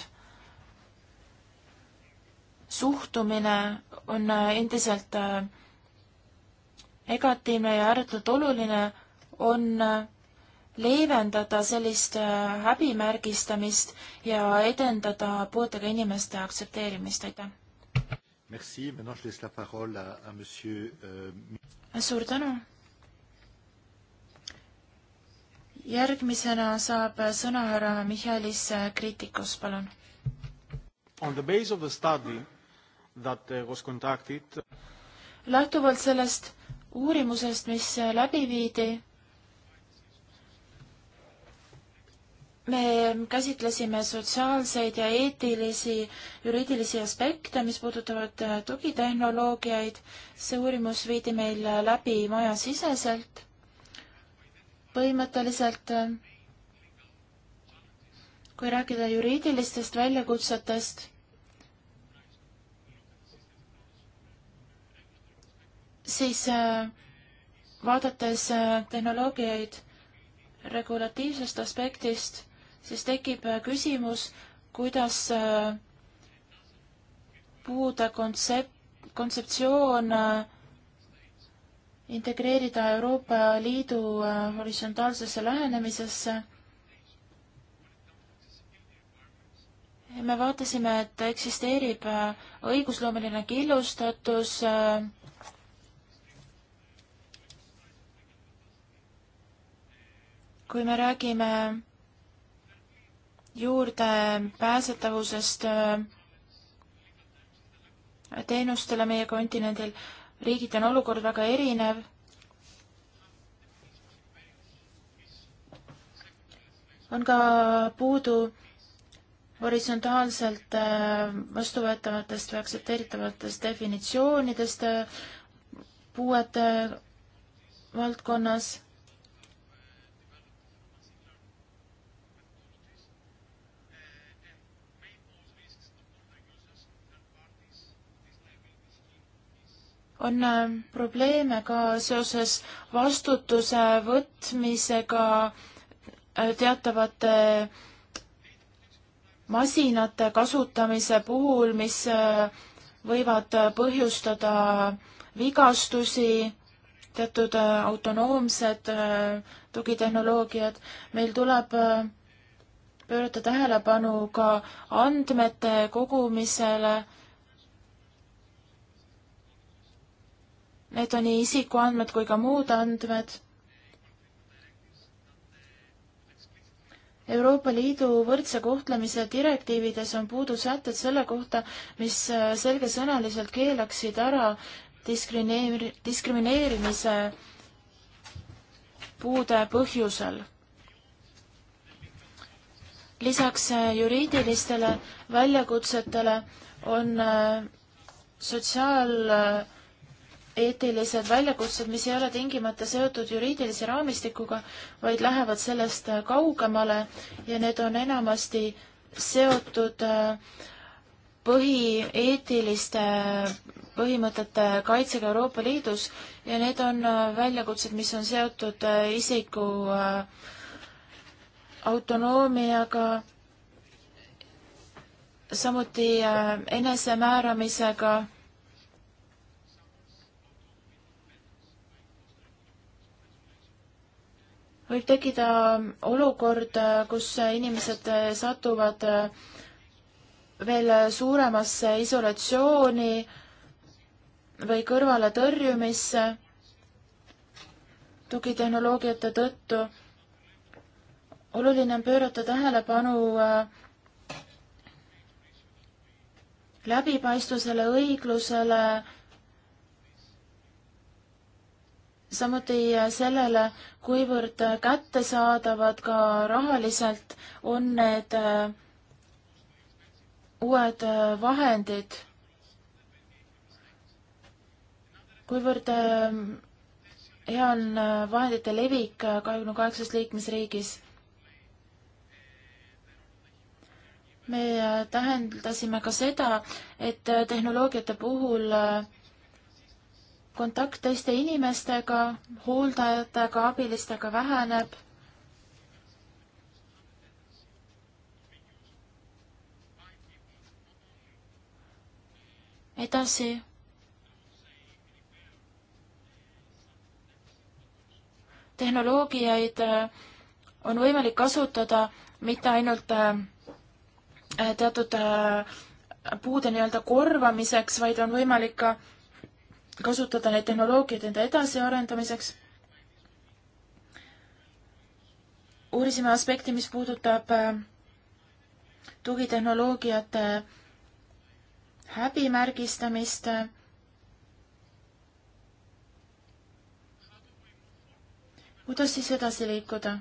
suhtumine on äh, endiselt äh, negatiivne ja ääretult oluline on äh, leevendada sellist häbimärgistamist ja edendada puuetega inimeste aktsepteerimist, aitäh! Euh, suur tänu! järgmisena saab sõna härra Mihhailis Kriitikus, palun! On the base of the study that eh, was conducted. lähtuvalt sellest uurimusest, mis eh, läbi viidi, me käsitlesime sotsiaalseid ja eetilisi juriidilisi aspekte, mis puudutavad eh, tugitehnoloogiaid. see uurimus viidi meil läbi majasiseselt. põhimõtteliselt kui rääkida juriidilistest väljakutsetest, siis äh, vaadates äh, tehnoloogiaid regulatiivsest aspektist, siis tekib äh, küsimus, kuidas puude kontsept, kontseptsioon integreerida Euroopa Liidu horisontaalsesse lähenemisesse. me vaatasime, et eksisteerib õigusloomeline killustatus äh, kui me räägime juurdepääsetavusest äh, teenustele meie kontinendil, riigiti on olukord väga erinev. on ka puudu horisontaalselt äh, vastuvõetavatest või aktsepteeritavatest definitsioonidest äh, puuete valdkonnas on äh, probleeme ka seoses vastutuse võtmisega äh, teatavate masinate kasutamise puhul, mis äh, võivad põhjustada vigastusi, teatud autonoomsed tugitehnoloogiad. meil tuleb pöörata tähelepanu ka andmete kogumisele Need on nii isikuandmed kui ka muud andmed. Euroopa Liidu võrdse kohtlemise direktiivides on puudu sätted selle kohta, mis äh, selgesõnaliselt keelaksid ära diskrimineeri-, diskrimineerimise puude põhjusel lisaks äh, juriidilistele väljakutsetele on äh, sotsiaal- eetilised väljakutsed, mis ei ole tingimata seotud juriidilise raamistikuga, vaid lähevad sellest äh, kaugemale ja need on enamasti seotud äh, põhieetiliste äh, põhimõtete kaitsega Euroopa Liidus ja need on väljakutsed, mis on seotud isiku autonoomiaga, samuti enesemääramisega võib tekkida olukord, kus inimesed satuvad veel suuremasse isolatsiooni või kõrvaletõrjumisse tugitehnoloogiate tõttu. oluline on pöörata tähelepanu äh, läbipaistvusele, õiglusele samuti äh, sellele, kuivõrd äh, kättesaadavad ka rahaliselt on need äh, uued vahendid, kuivõrd hea on vahendite levik kahekümne kaheksas liikmesriigis. me tähendasime ka seda, et tehnoloogiate puhul äh, kontakt teiste inimestega, hooldajatega, abilistega väheneb. edasi. tehnoloogiaid äh, on võimalik kasutada mitte ainult äh, teatud äh, puude nii-öelda korvamiseks, vaid on võimalik ka kasutada neid tehnoloogiaid enda edasiarendamiseks. uurisime aspekti, mis puudutab äh, tugitehnoloogiate häbimärgistamist. kuidas siis edasi liikuda?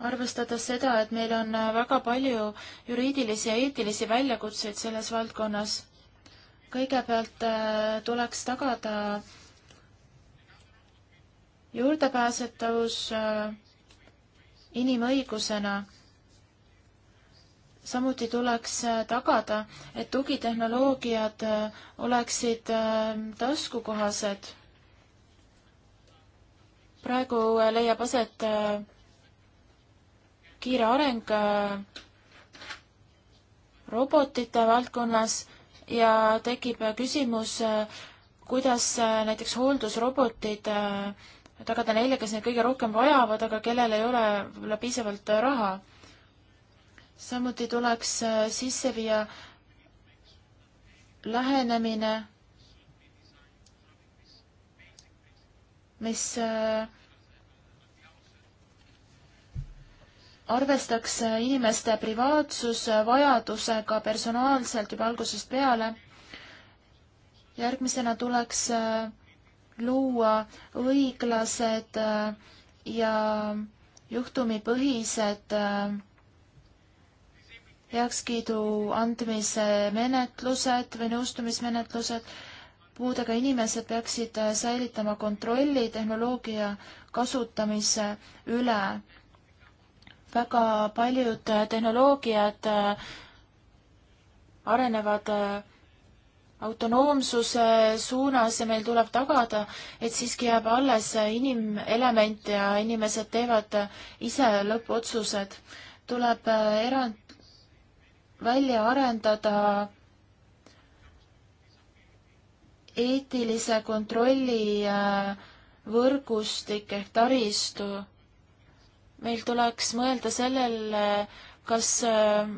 arvestades seda, et meil on äh, väga palju juriidilisi ja eetilisi väljakutseid selles valdkonnas kõigepealt äh, tuleks tagada juurdepääsetavus äh, inimõigusena. samuti tuleks äh, tagada, et tugitehnoloogiad oleksid taskukohased. praegu leiab aset kiire areng robotite valdkonnas ja tekib küsimus, kuidas näiteks hooldusrobotid tagada neile, kes neid kõige rohkem vajavad, aga kellel ei ole võib-olla piisavalt raha. samuti tuleks äh, sisse viia lähenemine, mis äh, arvestaks inimeste privaatsusvajadusega personaalselt juba algusest peale. järgmisena tuleks äh, luua õiglased äh, ja juhtumipõhised äh, heakskiidu andmise menetlused või nõustumismenetlused. puudega inimesed peaksid säilitama kontrolli tehnoloogia kasutamise üle väga paljud äh, tehnoloogiad äh, arenevad äh, autonoomsuse suunas ja meil tuleb tagada, et siiski jääb alles inimelement ja inimesed teevad ise lõppotsused. tuleb erand, välja arendada eetilise kontrolli võrgustik ehk taristu meil tuleks mõelda sellele, kas äh,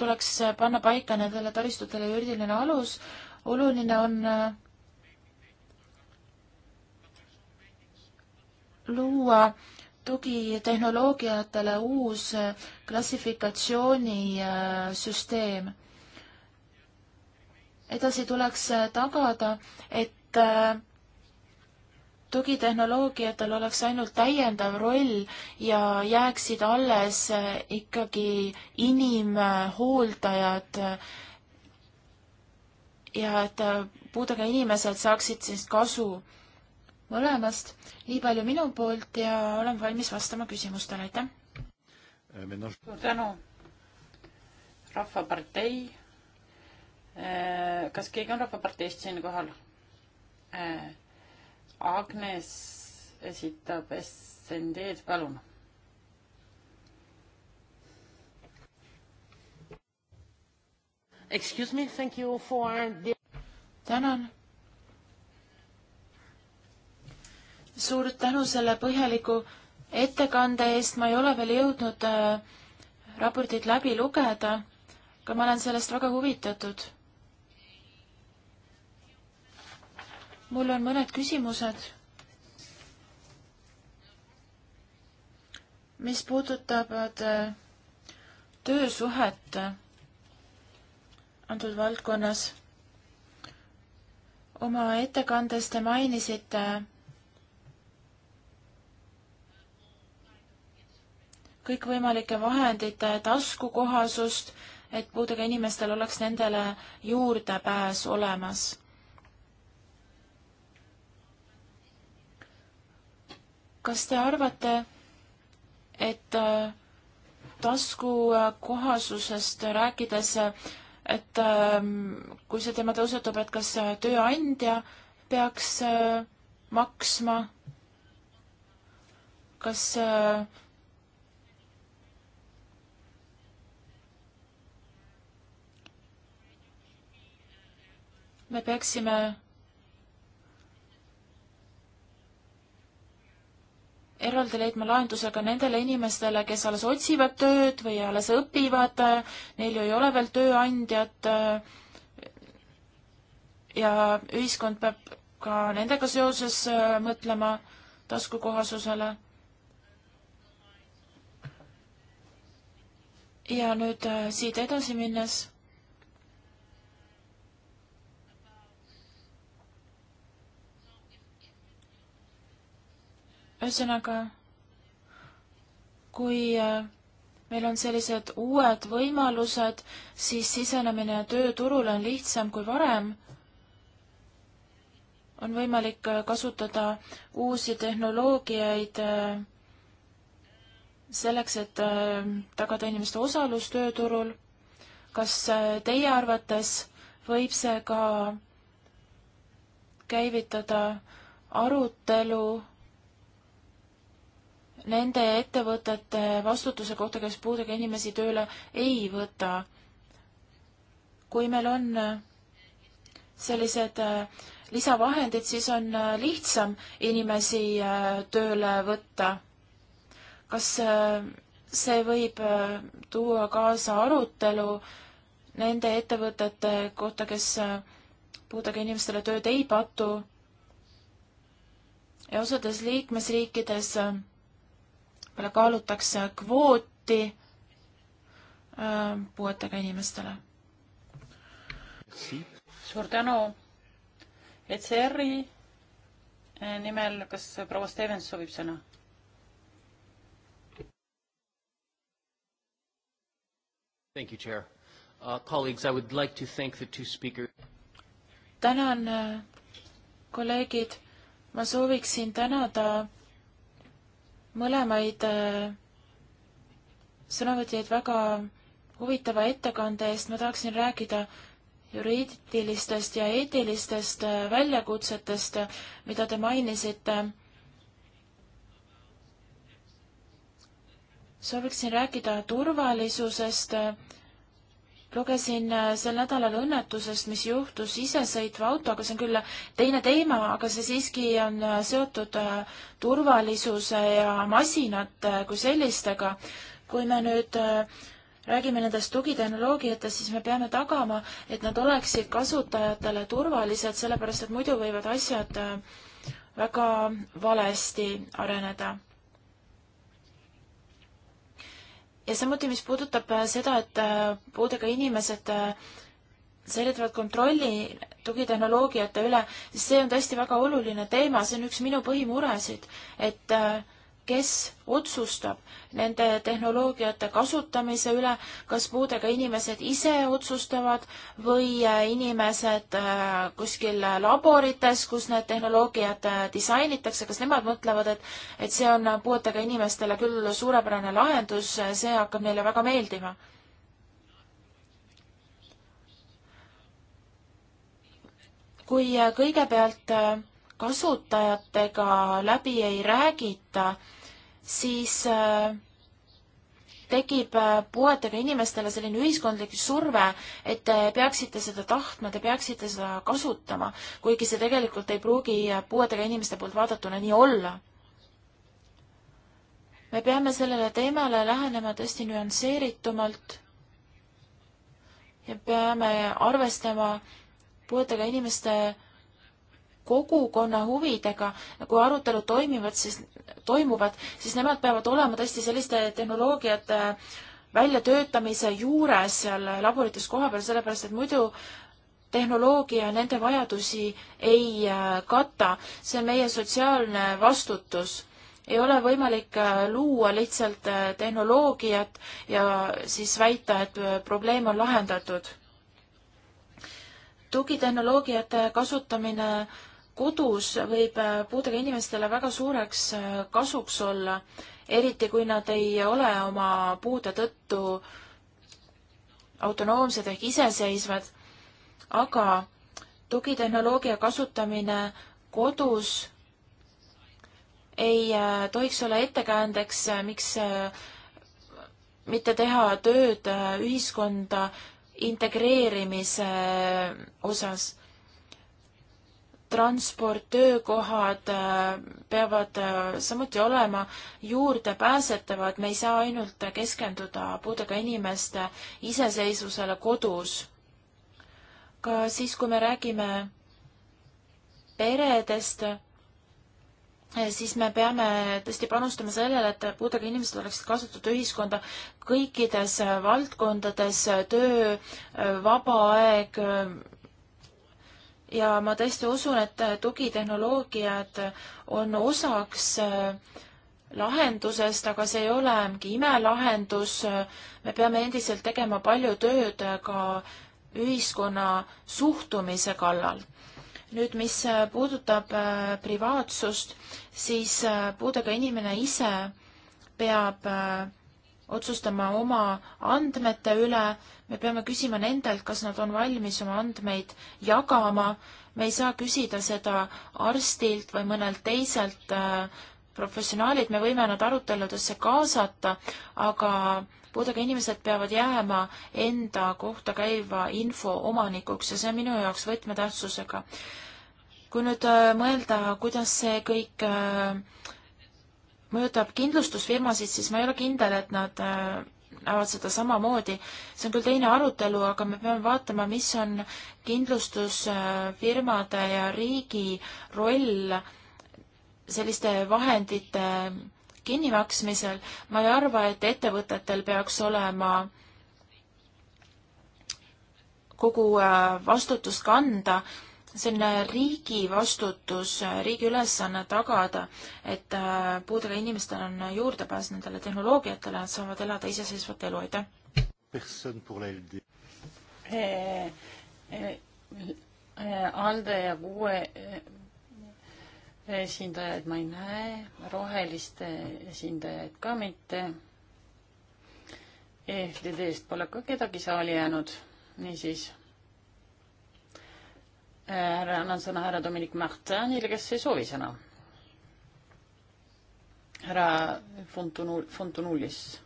tuleks panna paika nendele taristutele juriidiline alus, oluline on äh, luua tugitehnoloogiatele uus äh, klassifikatsioonisüsteem. edasi tuleks tagada, et tugitehnoloogiatel oleks ainult täiendav roll ja jääksid alles äh, ikkagi inimhooldajad ja et äh, puudega inimesed saaksid siis kasu mõlemast. nii palju minu poolt ja olen valmis vastama küsimustele, aitäh! Äh, noh- suur tänu! rahvapartei, kas keegi on Rahvaparteist siinkohal? Agnes esitab SND-d, palun. Excuse me, thank you for the... tänan. suur tänu selle põhjaliku ettekande eest, ma ei ole veel jõudnud äh, raportit läbi lugeda, aga ma olen sellest väga huvitatud mul on mõned küsimused, mis puudutavad äh, töösuhet antud valdkonnas. oma ettekandes te mainisite kõikvõimalike vahendite taskukohasust, et puudega inimestel oleks nendele juurdepääs olemas kas te arvate, et äh, taskukohasusest rääkides, et ähm, kui see teema tõusetub, et kas äh, tööandja peaks äh, maksma, kas me peaksime eraldi leidma lahenduse ka nendele inimestele, kes alles otsivad tööd või alles õpivad, neil ju ei ole veel tööandjat. ja ühiskond peab ka nendega seoses mõtlema taskukohasusele. ja nüüd äh, siit edasi minnes ühesõnaga, kui äh, meil on sellised uued võimalused, siis sisenemine tööturule on lihtsam kui varem. on võimalik äh, kasutada uusi tehnoloogiaid äh, selleks, et tagada inimeste osalus tööturul. kas teie arvates võib see ka käivitada arutelu nende ettevõtete vastutuse kohta, kes puudega inimesi tööle ei võta. kui meil on äh, sellised äh, lisavahendid, siis on äh, lihtsam inimesi tööle võtta. kas see võib tuua kaasa arutelu nende ettevõtete kohta, kes puudega inimestele tööd ei patu ja osades liikmesriikides võib-olla kaalutakse kvooti äh, puuetega inimestele. suur tänu. ECR-i äh, nimel, kas proua Stevens soovib sõna? Thank you, Chair. Uh, colleagues, I would like to thank the two speakers. Tänan, äh, kolleegid. Ma sooviksin tänada mõlemaid äh, sõnavõtjaid väga huvitava ettekande eest, ma tahaksin rääkida juriidilistest ja eetilistest äh, väljakutsetest, mida te mainisite. sooviksin rääkida turvalisusest lugesin äh, sel nädalal õnnetusest, mis juhtus isesõitva autoga, see on küll teine teema, aga see siiski on äh, seotud äh, turvalisuse ja masinate kui sellistega. kui me nüüd räägime nendest tugitehnoloogiatest, siis me peame tagama, et nad oleksid kasutajatele turvalised, sellepärast et muidu võivad asjad väga valesti areneda ja samuti, mis puudutab äh, seda, et äh, puudega inimesed äh, säilitavad kontrolli tugitehnoloogiate üle, siis see on tõesti väga oluline teema, see on üks minu põhimuresid, et äh, kes otsustab nende tehnoloogiate kasutamise üle, kas puudega inimesed ise otsustavad või äh, inimesed äh, kuskil laborites, kus need tehnoloogiad äh, disainitakse, kas nemad mõtlevad, et, et see on puudega inimestele küll suurepärane lahendus, see hakkab neile väga meeldima? kui kõigepealt äh, kasutajatega läbi ei räägita, siis äh, tekib äh, puuetega inimestele selline ühiskondlik surve, et te peaksite seda tahtma, te peaksite seda kasutama, kuigi see tegelikult ei pruugi äh, puuetega inimeste poolt vaadatuna nii olla. me peame sellele teemale lähenema tõesti nüansseeritumalt ja peame arvestama puuetega inimeste kogukonna huvidega, kui arutelud toimivad, siis, toimuvad, siis nemad peavad olema tõesti selliste tehnoloogiate väljatöötamise juures seal laborites kohapeal, sellepärast et muidu tehnoloogia nende vajadusi ei äh, kata, see on meie sotsiaalne vastutus ei ole võimalik äh, luua lihtsalt äh, tehnoloogiat ja siis väita, et probleem on lahendatud. tugitehnoloogiate kasutamine kodus võib äh, puudega inimestele väga suureks äh, kasuks olla, eriti kui nad ei ole oma puude tõttu autonoomsed ehk iseseisvad, aga tugitehnoloogia kasutamine kodus ei äh, tohiks olla ettekäändeks, miks mitte teha tööd ühiskonda integreerimise osas transport, töökohad äh, peavad äh, samuti olema juurdepääsetavad, me ei saa ainult keskenduda puudega inimeste iseseisvusele kodus. ka siis, kui me räägime peredest, äh, siis me peame tõesti panustama sellele, et puudega inimesed oleksid kaasatud ühiskonda kõikides valdkondades, töö, vaba aeg, ja ma tõesti usun, et äh, tugitehnoloogiad on osaks äh, lahendusest, aga see ei ole mingi imelahendus. me peame endiselt tegema palju tööd äh, ka ühiskonna suhtumise kallal. nüüd, mis puudutab privaatsust, siis puudega inimene ise peab otsustama oma andmete üle, me peame küsima nendelt, kas nad on valmis oma andmeid jagama, me ei saa küsida seda arstilt või mõnelt teiselt äh, professionaalilt, me võime nad aruteludesse kaasata, aga puudega inimesed peavad jääma enda kohta käiva info omanikuks ja see on minu jaoks võtmetähtsusega. kui nüüd äh, mõelda, kuidas see kõik äh, mõjutab kindlustusfirmasid, siis ma ei ole kindel, et nad äh, näevad seda samamoodi. see on küll teine arutelu, aga me peame vaatama, mis on kindlustusfirmade ja riigi roll selliste vahendite kinnimaksmisel. ma ei arva, et ettevõtetel peaks olema kogu äh, vastutust kanda see on riigi vastutus, riigi ülesanne tagada, et äh, puudega inimestel on juurdepääs nendele tehnoloogiatele, nad saavad elada iseseisvat elu, aitäh! Äh, äh, Alde ja kuue esindajaid ma ei näe, roheliste esindajaid ka mitte. EFTD-st pole ka kedagi saali jäänud, niisiis härra, annan sõna härra Dominic Martinile, kes ei soovi sõna. härra Fontunul-, Fontunulis.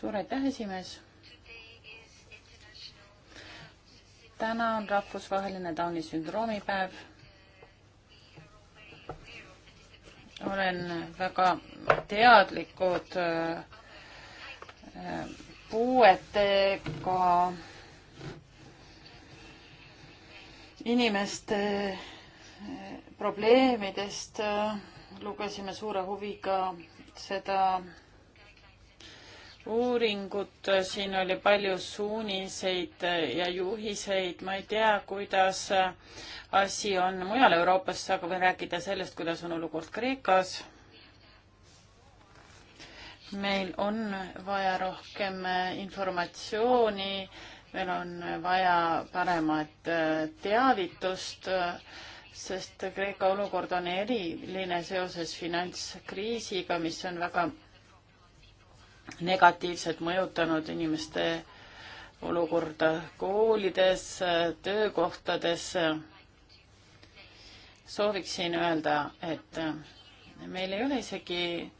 suur aitäh, esimees. täna on rahvusvaheline Downi sündroomi päev. olen väga teadlikud äh, äh, puuetega inimeste eh, probleemidest eh, lugesime suure huviga seda uuringut, siin oli palju suuniseid eh, ja juhiseid, ma ei tea, kuidas asi on mujal Euroopas, aga võin rääkida sellest, kuidas on olukord Kreekas meil on vaja rohkem äh, informatsiooni, meil on vaja paremat äh, teavitust, äh, sest Kreeka olukord on eriline seoses finantskriisiga, mis on väga negatiivselt mõjutanud inimeste olukorda koolides, töökohtades. sooviksin öelda, et meil ei ole isegi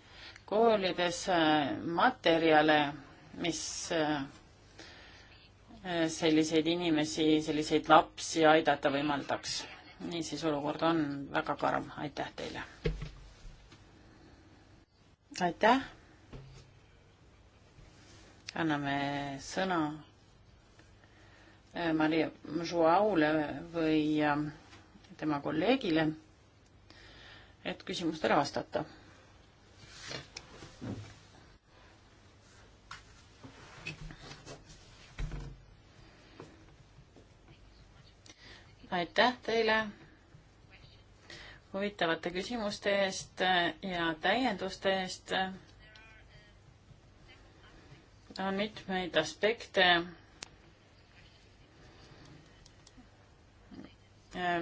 koolides äh, materjale, mis äh, äh, selliseid inimesi, selliseid lapsi aidata võimaldaks. niisiis, olukord on väga karm, aitäh teile! aitäh! anname sõna Maria Joaole või tema kolleegile, et küsimustele vastata aitäh teile huvitavate küsimuste eest ja täienduste eest. on mitmeid aspekte,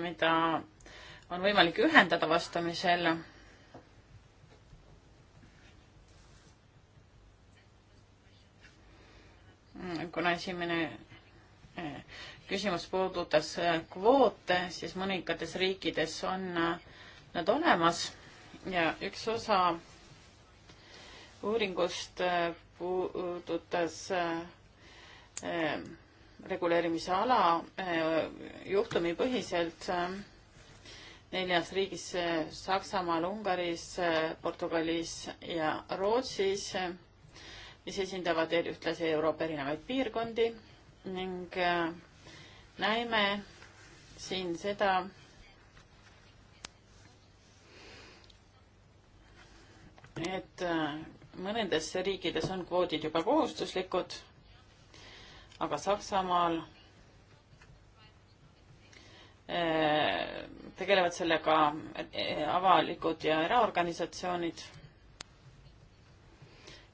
mida on võimalik ühendada vastamisel. kuna esimene küsimus puudutas äh, kvoote, siis mõningates riikides on äh, nad olemas ja üks osa uuringust äh, puudutas reguleerimise ala juhtumipõhiselt neljas riigis Saksamaal, Ungaris, Portugalis ja Rootsis, mis esindavad ühtlasi Euroopa erinevaid piirkondi ning äh, näeme siin seda, et äh, mõnedes riikides on kvoodid juba kohustuslikud, aga Saksamaal äh, tegelevad sellega avalikud ja eraorganisatsioonid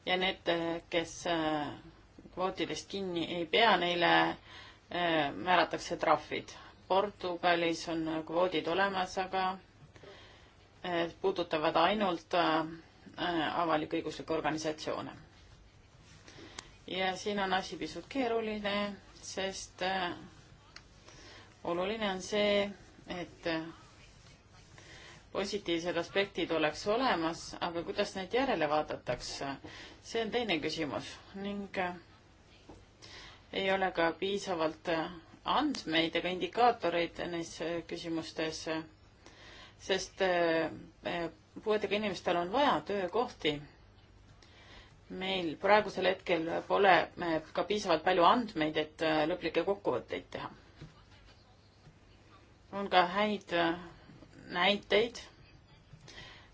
ja need, kes kvootidest kinni ei pea, neile eh, määratakse trahvid. Portugalis on kvoodid olemas, aga eh, puudutavad ainult eh, avalik-õiguslikke organisatsioone. ja siin on asi pisut keeruline, sest oluline on see, et positiivsed aspektid oleks olemas, aga kuidas neid järele vaadatakse, see on teine küsimus ning ei ole ka piisavalt äh, andmeid ega indikaatoreid neis äh, küsimustes, äh, sest puuetega inimestel on vaja töökohti. meil praegusel hetkel pole ka piisavalt palju andmeid, et lõplikke kokkuvõtteid teha. on ka häid näiteid,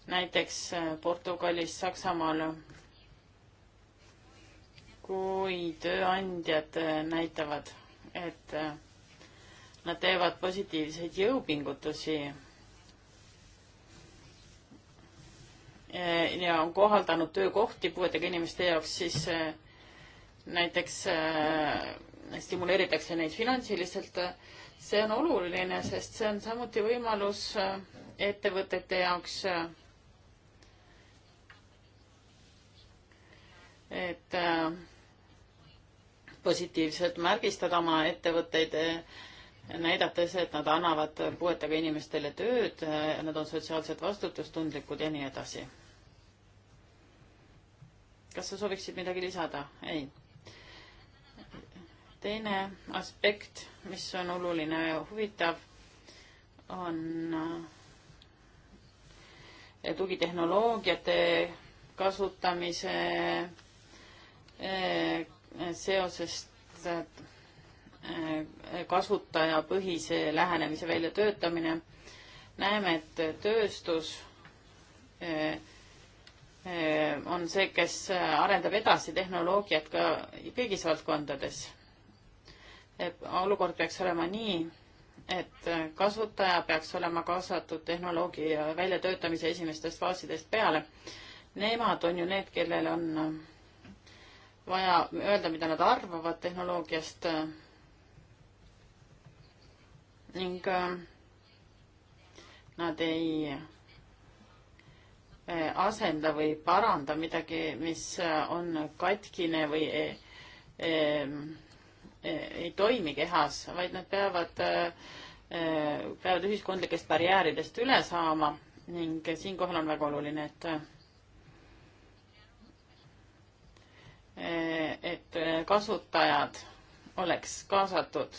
näiteks Portugalis, Saksamaal kui tööandjad äh, näitavad, et äh, nad teevad positiivseid jõupingutusi äh, ja on kohaldanud töökohti puuetega inimeste jaoks, siis näiteks stimuleeritakse neid finantsiliselt. see on oluline, sest see on samuti võimalus ettevõtete jaoks et äh, positiivselt märgistada oma ettevõtteid, näidates, et nad annavad puuetega inimestele tööd, nad on sotsiaalselt vastutustundlikud ja nii edasi. kas sa sooviksid midagi lisada? ei. teine aspekt, mis on oluline ja huvitav, on äh, tugitehnoloogiate kasutamise äh, seoses äh, kasutajapõhise lähenemise väljatöötamine. näeme, et tööstus äh, äh, on see, kes arendab edasi tehnoloogiat ka kõigis valdkondades. olukord peaks olema nii, et kasutaja peaks olema kaasatud tehnoloogia väljatöötamise esimestest faasidest peale. Nemad on ju need, kellel on vaja öelda, mida nad arvavad tehnoloogiast. ning äh, nad ei äh, asenda või paranda midagi, mis äh, on katkine või ei, ei, ei toimi kehas, vaid nad peavad, peavad ühiskondlikest barjääridest üle saama ning siinkohal on väga oluline, et et kasutajad oleks kaasatud.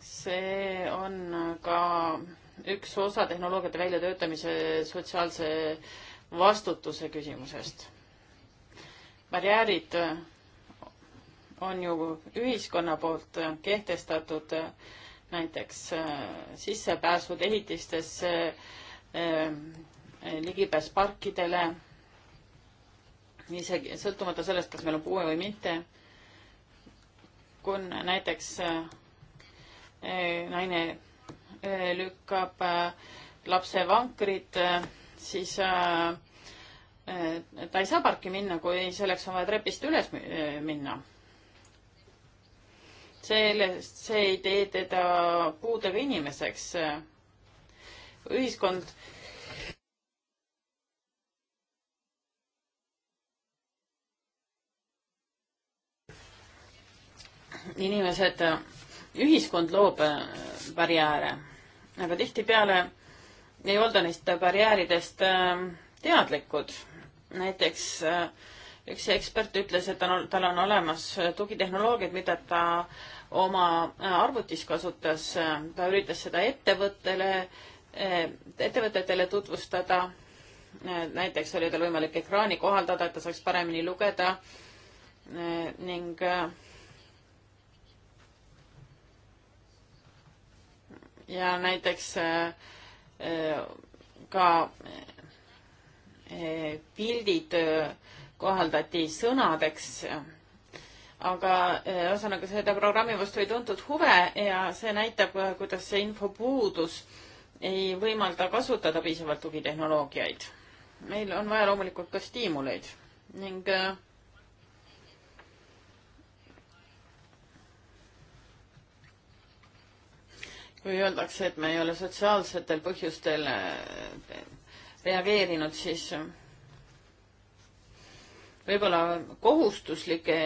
see on ka üks osa tehnoloogiate väljatöötamise sotsiaalse vastutuse küsimusest. barjäärid on ju ühiskonna poolt kehtestatud näiteks äh, sissepääsud ehitistesse, äh, äh, ligipääs parkidele isegi sõltumata sellest, kas meil on puue või mitte. kui näiteks eh, naine eh, lükkab eh, lapse vankrit, siis ta ei saa parki minna, kui selleks on vaja trepist üles minna. sellest, see ei tee teda puudega inimeseks. ühiskond inimesed, äh, ühiskond loob äh, barjääre, aga tihtipeale ei olda neist barjääridest äh, teadlikud. näiteks üks ekspert ütles, et on, tal on olemas tugitehnoloogiad, mida ta oma arvutis kasutas, ta üritas seda ettevõttele, ettevõtetele tutvustada. näiteks oli tal võimalik ekraani kohaldada, et ta saaks paremini lugeda ning ja näiteks äh, äh, ka äh, pildid kohaldati sõnadeks, aga ühesõnaga seda programmi vastu ei tuntud huve ja see näitab, kuidas see infopuudus ei võimalda kasutada piisavalt tugitehnoloogiaid. meil on vaja loomulikult ka stiimuleid ning äh, kui öeldakse, et me ei ole sotsiaalsetel põhjustel eh, reageerinud, siis võib-olla kohustuslike,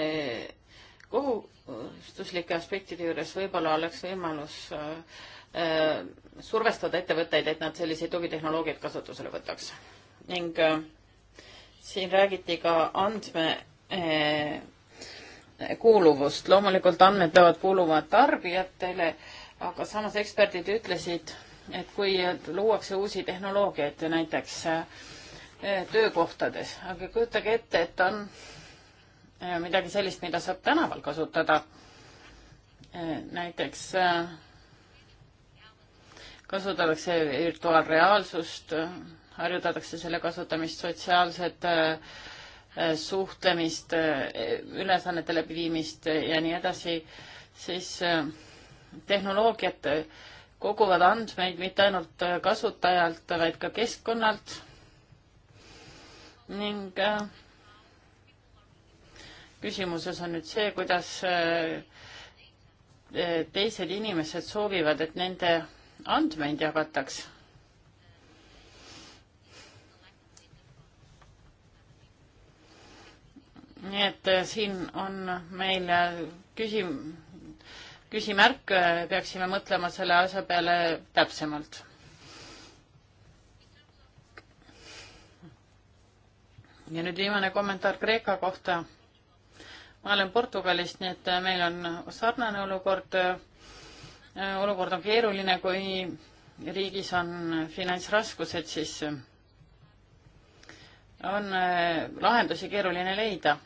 kohustuslike aspektide juures võib-olla oleks võimalus äh, survestada ettevõtteid, et nad selliseid tugitehnoloogiaid kasutusele võtaks. ning äh, siin räägiti ka andme äh, kuuluvust. loomulikult andmed peavad kuuluma tarbijatele aga samas eksperdid ütlesid, et kui luuakse uusi tehnoloogiaid näiteks äh, töökohtades, aga kujutage ette, et on äh, midagi sellist, mida saab tänaval kasutada. Äh, näiteks kasutatakse virtuaalreaalsust, harjutatakse selle kasutamist, sotsiaalset suhtlemist, ülesannete läbiviimist ja nii edasi, siis tehnoloogiat koguvad andmeid mitte ainult kasutajalt, vaid ka keskkonnalt ning äh, küsimuses on nüüd see, kuidas äh, teised inimesed soovivad, et nende andmeid jagataks. nii et äh, siin on meil küsim-, küsimärk, äh, peaksime mõtlema selle asja peale täpsemalt. ja nüüd viimane kommentaar Kreeka kohta. ma olen Portugalist, nii et äh, meil on sarnane olukord. Äh, olukord on keeruline, kui riigis on finantsraskused, siis on lahendusi keeruline leida,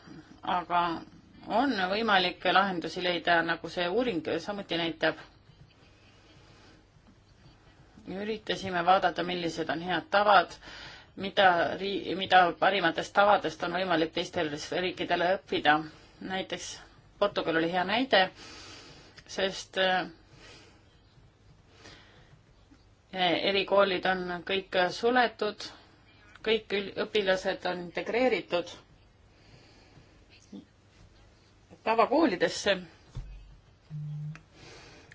aga on võimalik lahendusi leida, nagu see uuring samuti näitab. üritasime vaadata, millised on head tavad, mida, mida parimatest tavadest on võimalik teistel riikidel õppida. näiteks Portugal oli hea näide, sest äh, erikoolid on kõik suletud, kõik õpilased on integreeritud tavakoolidesse.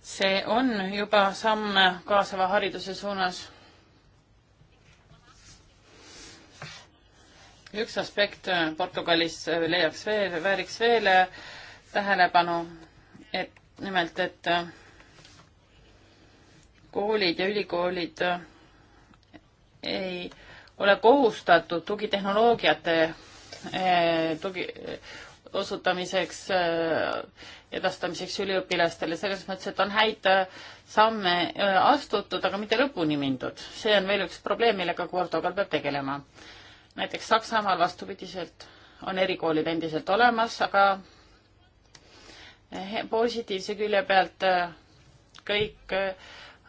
see on juba samm kaasava hariduse suunas. üks aspekt äh, Portugalis leiaks veel, vääriks veel äh, tähelepanu, et nimelt, et äh, koolid ja ülikoolid ei ole kohustatud tugitehnoloogiate tugi, osutamiseks, äh, edastamiseks üliõpilastele, selles mõttes, et on häid äh, samme äh, astutud, aga mitte lõpuni mindud. see on veel üks probleem, millega Kordogal peab tegelema. näiteks Saksamaal vastupidiselt on erikoolid endiselt olemas, aga eh, positiivse külje pealt kõik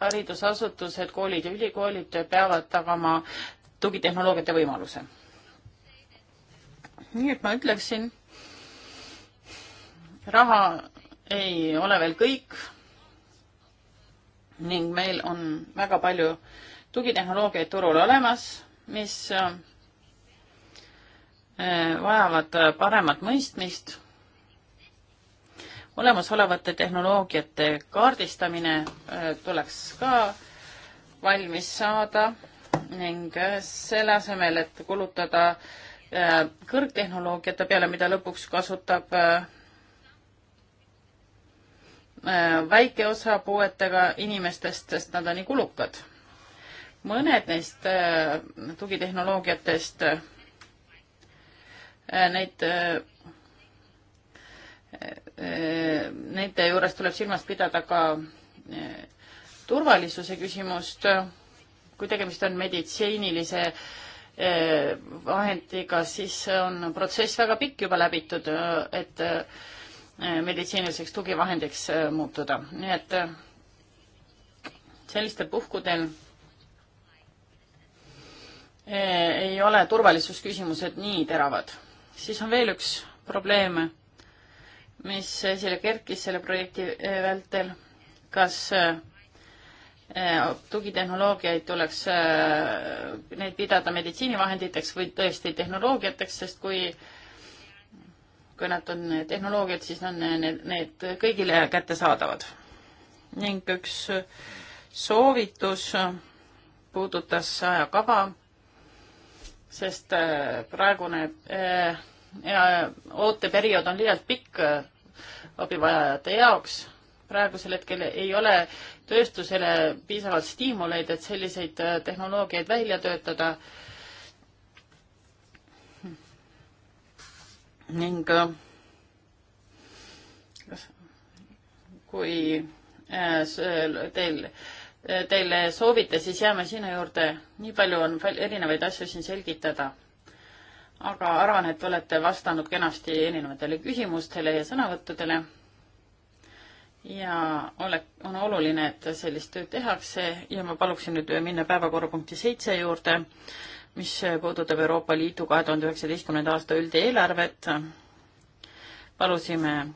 haridusasutused, koolid ja ülikoolid peavad tagama tugitehnoloogiate võimaluse. nii et ma ütleksin raha ei ole veel kõik ning meil on väga palju tugitehnoloogiaid turul olemas, mis äh, vajavad paremat mõistmist. olemasolevate tehnoloogiate kaardistamine äh, tuleks ka valmis saada ning äh, selle asemel, et kulutada kõrgtehnoloogiate peale, mida lõpuks kasutab Äh, väike osa puuetega inimestest, sest nad on nii kulukad. mõned neist äh, tugitehnoloogiatest, äh, neid, nende juures tuleb silmas pidada ka turvalisuse küsimust, kui tegemist on meditsiinilise vahendiga, siis on protsess väga pikk juba läbitud, et Äh, meditsiiniliseks tugivahendiks äh, muutuda, nii et äh, sellistel puhkudel ei ole turvalisusküsimused nii teravad. siis on veel üks probleem, mis esile kerkis selle projekti vältel, kas tugitehnoloogiaid tuleks neid pidada meditsiinivahenditeks või tõesti tehnoloogiateks, sest kui äh, kui nad on tehnoloogiad, siis on need, need kõigile kättesaadavad. ning üks soovitus puudutas ajakava, sest äh, praegune äh, ooteperiood on liialt pikk äh, abivajajate jaoks. praegusel hetkel ei ole tööstusele piisavalt stiimuleid, et selliseid tehnoloogiaid välja töötada ning äh, kui äh, teil, äh, teile soovite, siis jääme sinna juurde. nii palju on erinevaid asju siin selgitada. aga arvan, et olete vastanud kenasti erinevatele küsimustele ja sõnavõttudele. ja ole, on oluline, et sellist tööd tehakse ja ma paluksin nüüd minna päevakorrapunkti seitse juurde mis puudutab Euroopa Liidu kahe tuhande üheksateistkümnenda aasta üldeelarvet. palusime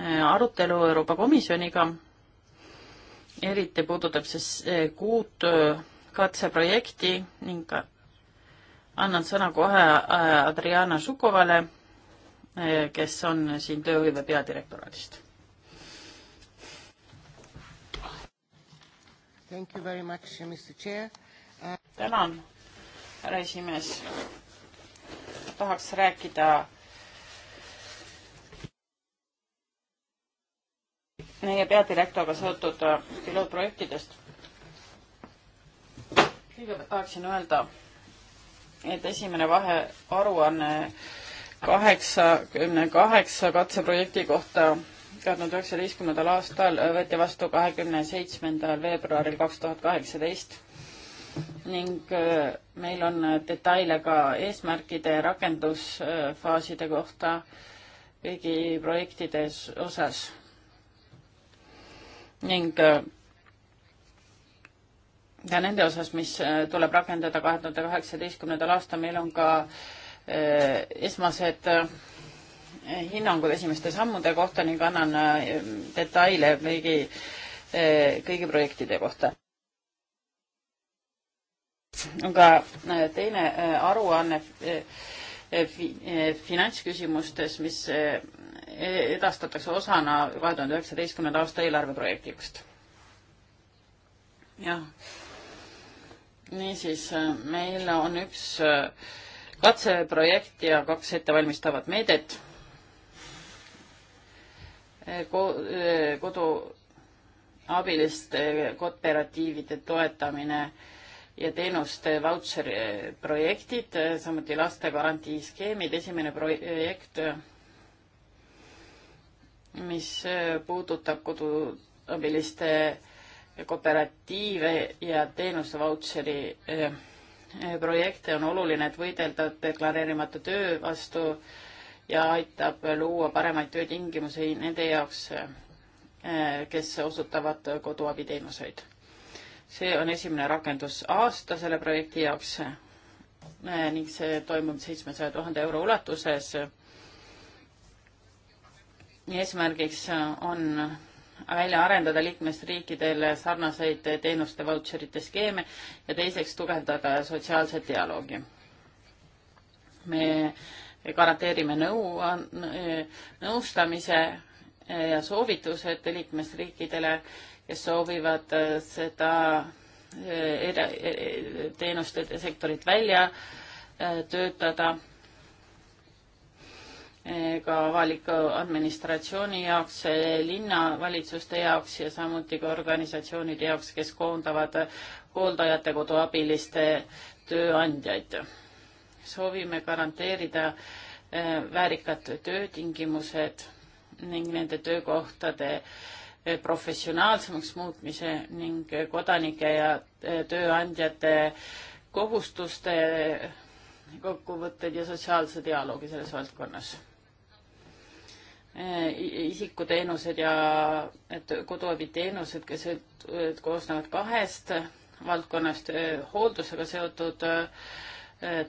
eh, arutelu Euroopa Komisjoniga, eriti puudutab siis eh, kuut eh, katseprojekti ning annan sõna kohe Adriana Žukovale, kes on siin tööhõive peadirektoraadist. tänan härra esimees. tahaks rääkida meie peadirektoriga seotud äh, pilootprojektidest. kõigepealt tahaksin öelda, et esimene vahearuanne kaheksakümne kaheksa katseprojekti kohta kahe tuhande üheksateistkümnendal aastal võeti vastu kahekümne seitsmendal veebruaril kaks tuhat kaheksateist ning äh, meil on detaile ka eesmärkide rakendusfaaside kohta kõigi projektide osas. ning äh, ja nende osas, mis äh, tuleb rakendada kahe tuhande kaheksateistkümnendal aastal, meil on ka esmased hinnangud esimeste sammude kohta ning annan detaile kõigi, kõigi projektide kohta on ka äh, teine äh, aruanne äh, finantsküsimustes, mis e-, edastatakse osana kahe tuhande üheksateistkümnenda aasta eelarveprojektist. jah, niisiis meil on üks katseprojekt ja kaks ettevalmistavat meedet. kodu abiliste kooperatiivide toetamine ja teenuste vautšeri projektid, samuti lastegarantiiskeemid, esimene projekt, mis puudutab koduabiliste kooperatiive ja teenuste vautšeri eh, projekte, on oluline, et võidelda deklareerimata töö vastu ja aitab luua paremaid töötingimusi nende jaoks, eh, kes osutavad koduabiteenuseid see on esimene rakendusaasta selle projekti jaoks eh, ning see toimub seitsmesaja tuhande euro ulatuses. eesmärgiks on välja arendada liikmesriikidele sarnaseid teenuste vautšerite skeeme ja teiseks tugevdada sotsiaalset dialoogi. me garanteerime nõu, eh, nõustamise ja soovitused liikmesriikidele kes soovivad äh, seda äh, äh, teenuste sektorit välja töötada ka avaliku administratsiooni jaoks, linnavalitsuste jaoks ja samuti ka organisatsioonide jaoks, kes koondavad hooldajate koduabiliste tööandjaid. soovime garanteerida väärikad töötingimused ning nende töökohtade äh, professionaalsemaks muutmise ning kodanike ja e, tööandjate kohustuste kokkuvõtted ja sotsiaalse dialoogi selles valdkonnas. E, isikuteenused ja e, koduabiteenused, kes koosnevad kahest valdkonnast, hooldusega seotud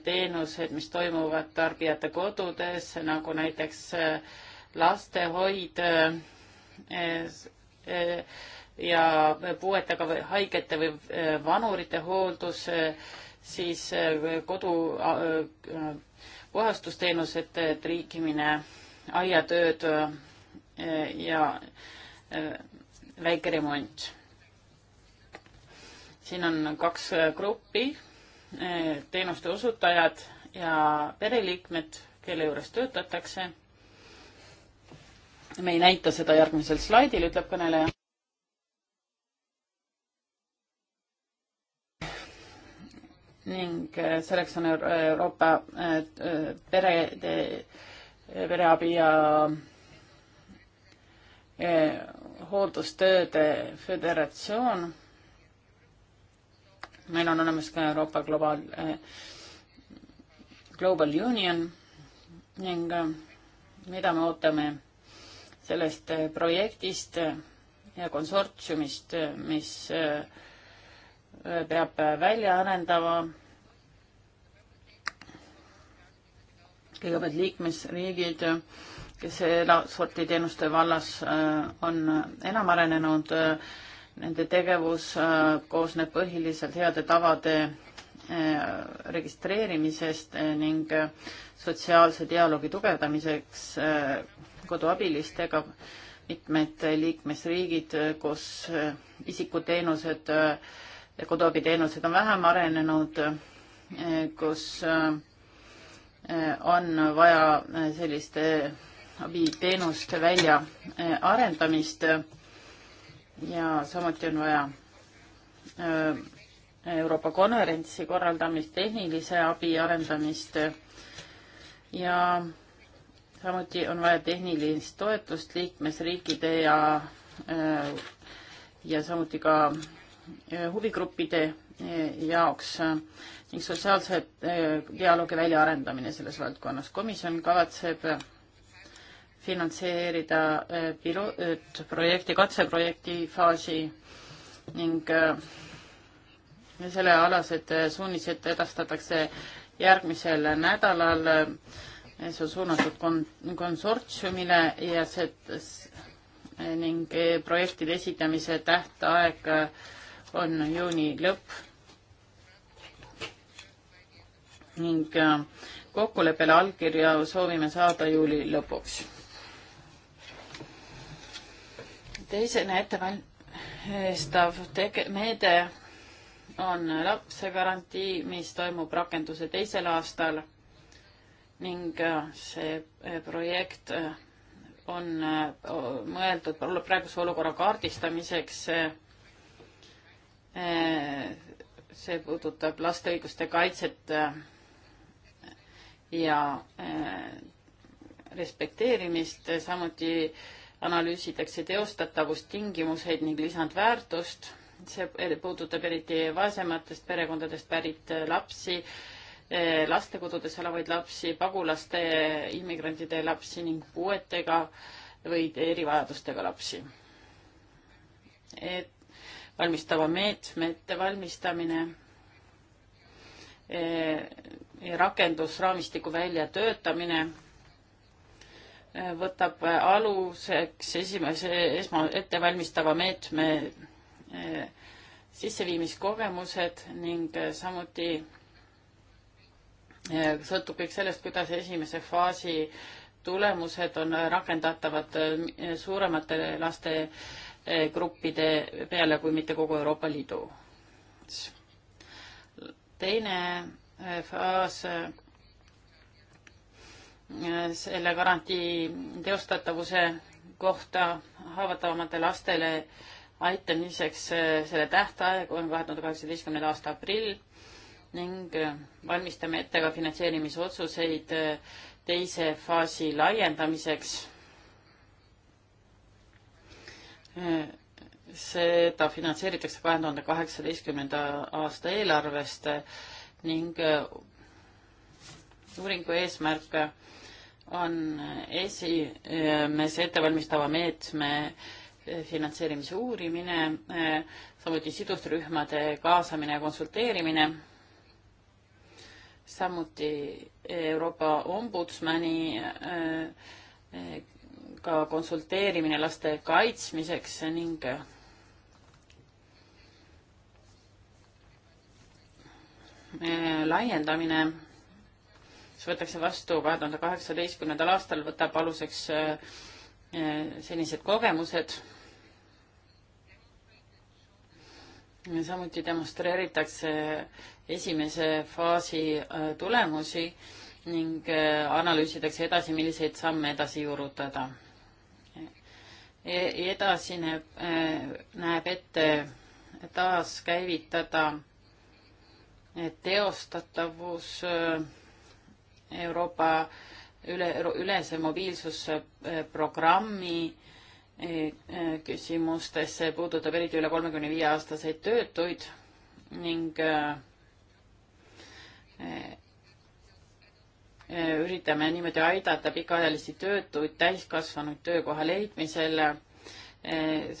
teenused, mis toimuvad tarbijate kodudes, nagu näiteks lastehoid, ja puuetega või haigete või äh, vanurite hooldus, äh, siis äh, kodu puhastusteenused, triikimine, aiatööd ja väike remont. siin on kaks gruppi, teenuste osutajad ja pereliikmed, kelle juures töötatakse me ei näita seda järgmisel slaidil, ütleb kõneleja. ning äh, selleks on Euroopa äh, perede, pereabi ja äh, hooldustööde föderatsioon. meil on olemas ka Euroopa Global, Global Union ning mida me ootame sellest äh, projektist äh, ja konsortsiumist, äh, mis peab välja arendama kõigepealt liikmesriigid, kes sorti teenuste vallas on enam arenenud, nende tegevus koosneb põhiliselt heade tavade registreerimisest ning sotsiaalse dialoogi tugevdamiseks koduabilistega, mitmed liikmesriigid, kus eh, isikuteenused, eh, koduabiteenused on vähem arenenud, eh, kus on vaja selliste abiteenuste väljaarendamist ja samuti on vaja Euroopa konverentsi korraldamist, tehnilise abi arendamist ja samuti on vaja tehnilist toetust liikmesriikide ja, äh, ja samuti ka äh, huvigruppide äh, jaoks ning sotsiaalse dialoogi väljaarendamine selles valdkonnas. komisjon kavatseb finantseerida pilootprojekti, katseprojekti faasi ning sellealased suunised edastatakse järgmisel nädalal see on suunatud kon-, konsortsiumile ja see ning projektide esitamise tähtaeg on juuni lõpp ning äh, kokkuleppele allkirja soovime saada juuli lõpuks. teisene ettevalmistav tege-, meede on lapsegarantii, mis toimub rakenduse teisel aastal ning äh, see äh, projekt äh, on mõeldud praeguse olukorra kaardistamiseks. see puudutab laste õiguste kaitset ja respekteerimist, samuti analüüsitakse teostatavust, tingimuseid ning lisandväärtust. see puudutab eriti vaesematest perekondadest pärit lapsi Eh, lastekodudes elavaid lapsi, pagulaste, immigrantide lapsi ning puuetega või erivajadustega lapsi. et valmistava meetme ettevalmistamine eh, rakendusraamistiku väljatöötamine eh, võtab aluseks esimese esma ettevalmistava meetme sisseviimiskogemused ning samuti sõltub kõik sellest, kuidas esimese faasi tulemused on rakendatavad eh, suuremate lastegruppide eh, peale kui mitte kogu Euroopa Liidu. teine eh, faas selle garantii teostatavuse kohta haavatavamate lastele aitamiseks, selle tähtaeg on kahe tuhande kaheksateistkümnenda aasta aprill ning äh, valmistame ette ka finantseerimisotsuseid äh, teise faasi laiendamiseks. Äh, seda finantseeritakse kahe tuhande kaheksateistkümnenda aasta eelarvest ning uuringu eesmärk on esimese ettevalmistava meetme finantseerimise uurimine, samuti sidusrühmade kaasamine ja konsulteerimine samuti Euroopa ombudsmani äh, äh, ka konsulteerimine laste kaitsmiseks ning äh, laiendamine, mis võetakse vastu kahe tuhande kaheksateistkümnendal aastal, võtab aluseks senised kogemused. samuti demonstreeritakse esimese faasi äh, tulemusi ning äh, analüüsitakse edasi, milliseid samme edasi juurutada e. edasine äh, näeb ette taaskäivitada teostatavus Euroopa üle, ülese mobiilsusprogrammi küsimustes, see puudutab eriti üle kolmekümne viie aastaseid töötuid ning Äh, üritame niimoodi aidata pikaajalisi töötuid täiskasvanuid töökoha leidmisel, äh,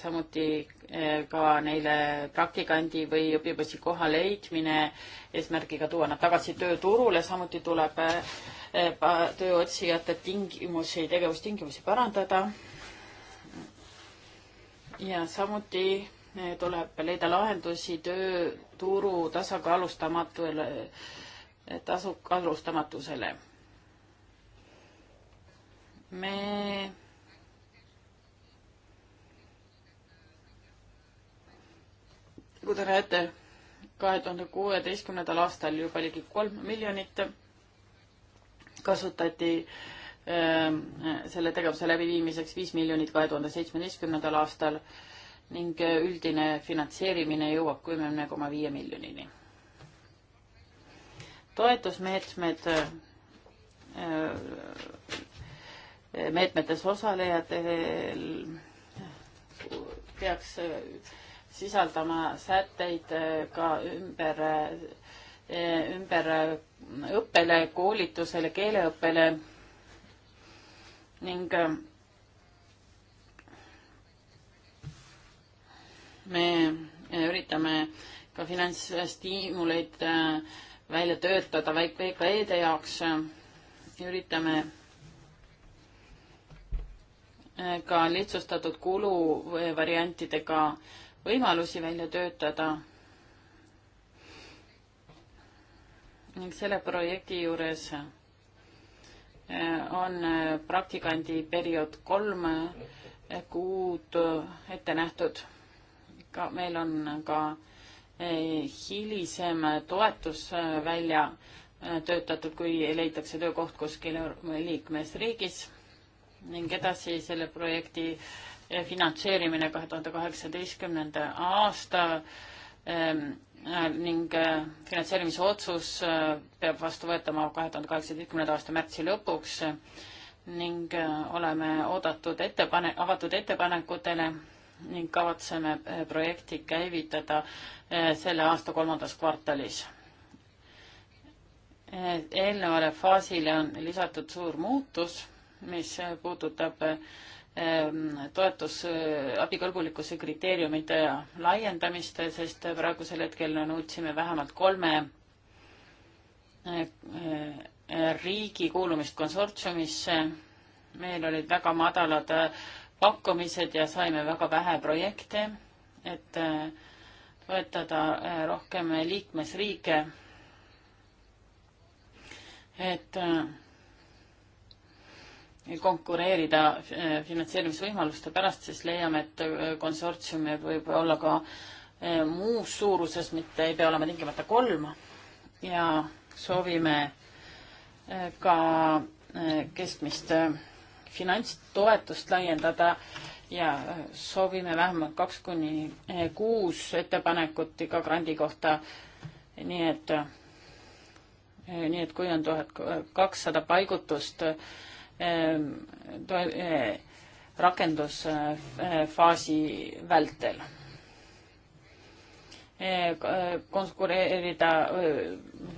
samuti äh, ka neile praktikandi või õpipõsi koha leidmine eesmärgiga tuua nad tagasi tööturule, samuti tuleb tööotsijate tingimusi, tegevustingimusi parandada. ja samuti tuleb leida lahendusi tööturu tasakaalustamatule tasub alustamatusele. me kui nagu te näete, kahe tuhande kuueteistkümnendal aastal juba ligi kolm miljonit kasutati ähm, selle tegevuse läbiviimiseks viis miljonit kahe tuhande seitsmeteistkümnendal aastal ning üldine finantseerimine jõuab kümne koma viie miljonini toetusmeetmed äh, meetmetes osalejatel peaks sisaldama sätteid äh, ka ümber, äh, ümber õppele, koolitusele, keeleõppele ning me üritame ka finantsstiimuleid äh, välja töötada VKE-de jaoks. üritame äh, ka lihtsustatud kuluvariantidega äh, võimalusi välja töötada. ning selle projekti juures äh, on praktikandi periood kolm kuud ette nähtud. ka meil on ka äh, hilisem toetus äh, välja äh, töötatud, kui leitakse töökoht kuskil liikmesriigis ning edasi selle projekti äh, finantseerimine kahe tuhande kaheksateistkümnenda aasta ähm, ning finantseerimise otsus peab vastu võetama kahe tuhande kaheksateistkümnenda aasta märtsi lõpuks ning oleme oodatud ettepane-, avatud ettepanekutele ning kavatseme eh, projekti käivitada eh, selle aasta kolmandas kvartalis. Eh, eelnevale faasile on lisatud suur muutus, mis puudutab ehm, toetus abikõlbulikkuse kriteeriumite laiendamist, sest praegusel hetkel nõudsime vähemalt kolme riigi kuulumist konsortsiumisse. meil olid väga madalad pakkumised ja saime väga vähe projekte, et äh, toetada äh, rohkem liikmesriike. et äh, konkureerida finantseerimisvõimaluste pärast, siis leiame, et konsortsium võib olla ka muus suuruses, mitte ei pea olema tingimata kolm ja soovime ka keskmist finantstoetust laiendada ja äh, soovime vähemalt kaks kuni äh, kuus ettepanekut iga grandi kohta. nii et, äh, nii et kui on tuhat kakssada paigutust ähm, rakendusfaasi vältel konkureerida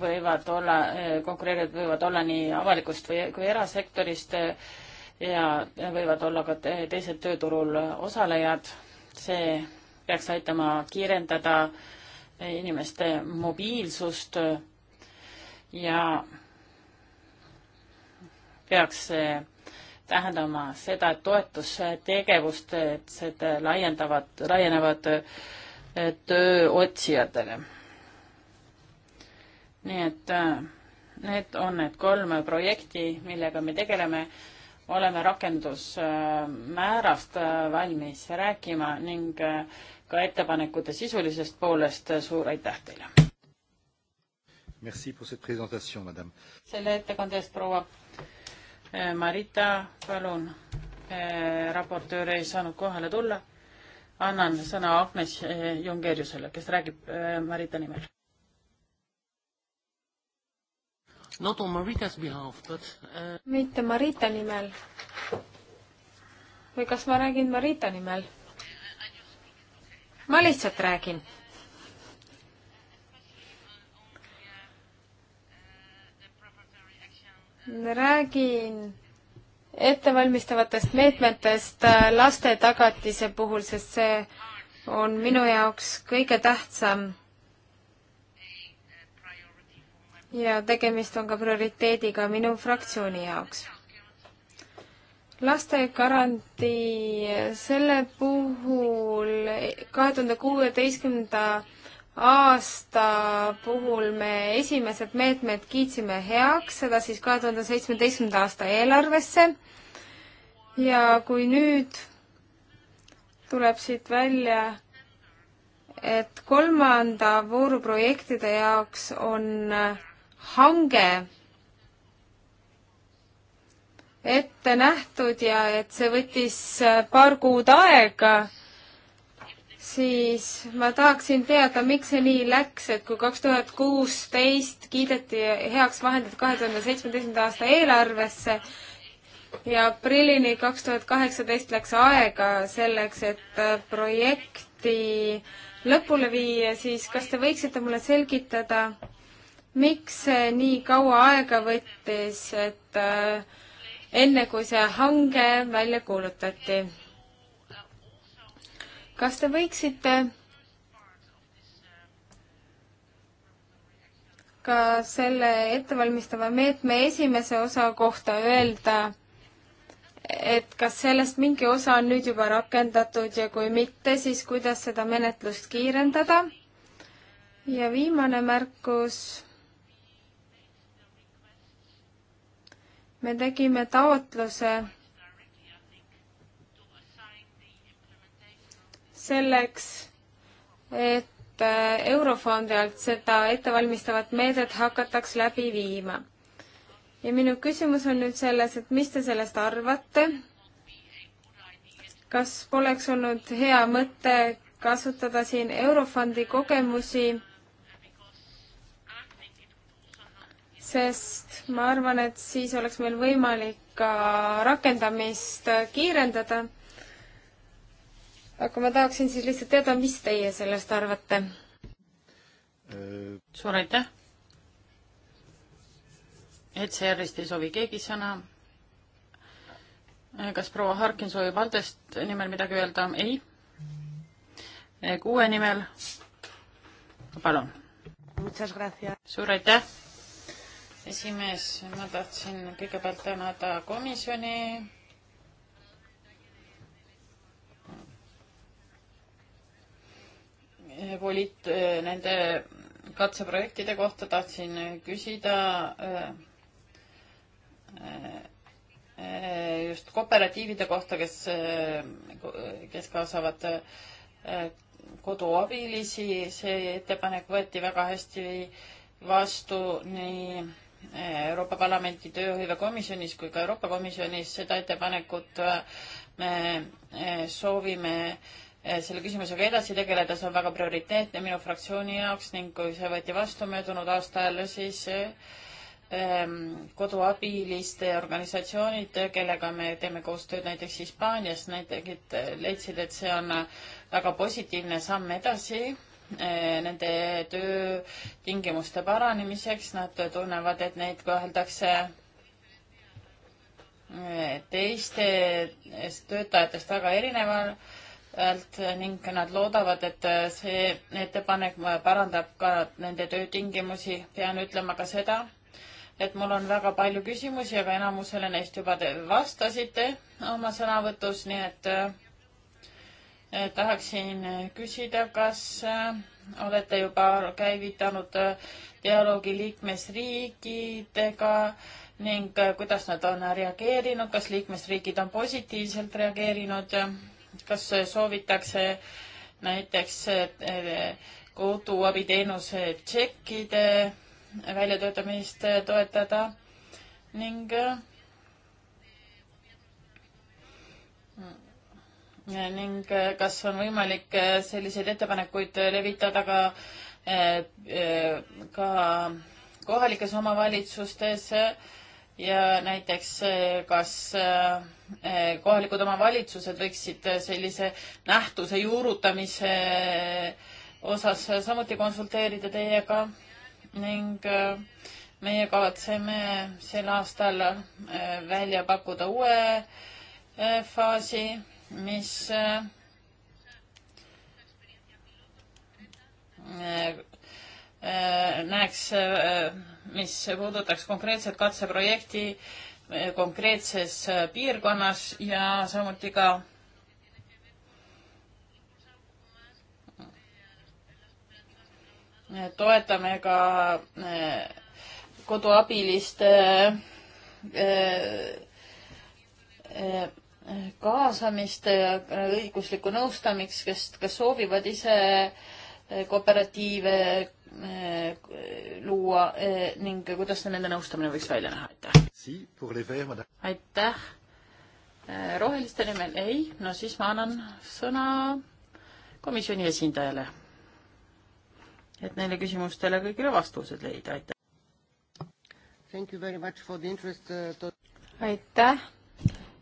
võivad olla, konkureerijad võivad olla nii avalikust või, kui erasektorist ja võivad olla ka teised tööturul osalejad. see peaks aitama kiirendada inimeste mobiilsust ja peaks tähendama seda, et toetustegevused laiendavad, laienevad tööotsijatele. nii et äh, need on need kolm projekti, millega me tegeleme oleme rakendusmäärast äh, valmis rääkima ning äh, ka ettepanekute sisulisest poolest äh, suur aitäh teile. selle ettekande eest, proua Marita, palun, raportöör ei saanud kohale tulla. annan sõna Agnes Jungeriusele, kes räägib Marita nimel not on Marita's behalf, but uh... mitte Marita nimel. või kas ma räägin Marita nimel? ma lihtsalt räägin. räägin ettevalmistavatest meetmetest äh, laste tagatise puhul, sest see on minu jaoks kõige tähtsam ja tegemist on ka prioriteediga minu fraktsiooni jaoks. laste garantii, selle puhul kahe tuhande kuueteistkümnenda aasta puhul me esimesed meetmed kiitsime heaks, seda siis kahe tuhande seitsmeteistkümnenda aasta eelarvesse. ja kui nüüd tuleb siit välja, et kolmanda vooru projektide jaoks on äh, hange ette nähtud ja et see võttis äh, paar kuud aega, siis ma tahaksin teada, miks see nii läks, et kui kaks tuhat kuusteist kiideti heaks vahendid kahe tuhande seitsmeteistkümnenda aasta eelarvesse ja aprillini kaks tuhat kaheksateist läks aega selleks, et äh, projekti lõpule viia, siis kas te võiksite mulle selgitada, miks see nii kaua aega võttis, et äh, enne kui see hange välja kuulutati? kas te võiksite ka selle ettevalmistava meetme esimese osa kohta öelda, et kas sellest mingi osa on nüüd juba rakendatud ja kui mitte, siis kuidas seda menetlust kiirendada? ja viimane märkus me tegime taotluse selleks, et äh, Eurofondi alt seda ettevalmistavat meedet hakataks läbi viima. ja minu küsimus on nüüd selles, et mis te sellest arvate? kas poleks olnud hea mõte kasutada siin Eurofondi kogemusi sest ma arvan, et siis oleks meil võimalik ka rakendamist kiirendada. aga ma tahaksin siis lihtsalt teada, mis teie sellest arvate? Äh. suur aitäh! ECR-ist ei soovi keegi sõna. kas proua Harkin soovib Aldest nimel midagi öelda? ei. kuue nimel. palun. suur aitäh esimees, ma tahtsin kõigepealt tänada komisjoni volit-, nende katseprojektide kohta tahtsin küsida just kooperatiivide kohta, kes, kes kaasavad koduabilisi, see ettepanek võeti väga hästi vastu nii Eh, Euroopa Parlamenti tööhõivekomisjonis kui ka Euroopa Komisjonis seda ettepanekut me eh, soovime eh, selle küsimusega edasi tegeleda, see on väga prioriteetne minu fraktsiooni jaoks ning kui see võeti vastu möödunud aasta ajal, siis ehm, koduabiliste organisatsioonid, kellega me teeme koostööd näiteks Hispaanias, näiteks leidsid, et see on väga positiivne samm edasi Eh, nende töötingimuste paranemiseks, nad tunnevad, et neid koheldakse eh, teiste töötajatest väga erinevalt ning nad loodavad, et eh, see ettepanek parandab ka nende töötingimusi. pean ütlema ka seda, et mul on väga palju küsimusi, aga enamusele neist juba te vastasite oma sõnavõtus, nii et Äh, tahaksin äh, küsida, kas äh, olete juba käivitanud dialoogi liikmesriikidega ning kuidas nad on reageerinud, kas liikmesriigid on positiivselt reageerinud, kas soovitakse näiteks koduabiteenuse tšekkide väljatöötamist toetada ning ning äh, kas on võimalik äh, selliseid ettepanekuid äh, levitada ka, ka kohalikes omavalitsustes ja näiteks kas kohalikud omavalitsused võiksid sellise nähtuse juurutamise osas samuti konsulteerida teiega ning meie kavatseme sel aastal välja pakkuda uue faasi mis äh, äh, näeks, äh, mis puudutaks konkreetset katseprojekti konkreetses piirkonnas ja samuti ka toetame ka koduabiliste kaasamist äh, õiguslikku nõustamist, kes, kes soovivad ise äh, kooperatiive äh, luua ning kuidas nende nõustamine võiks välja näha, aitäh. aitäh. roheliste nimel ei, no siis ma annan sõna komisjoni esindajale. et neile küsimustele kõigile vastused leida, aitäh. Uh, aitäh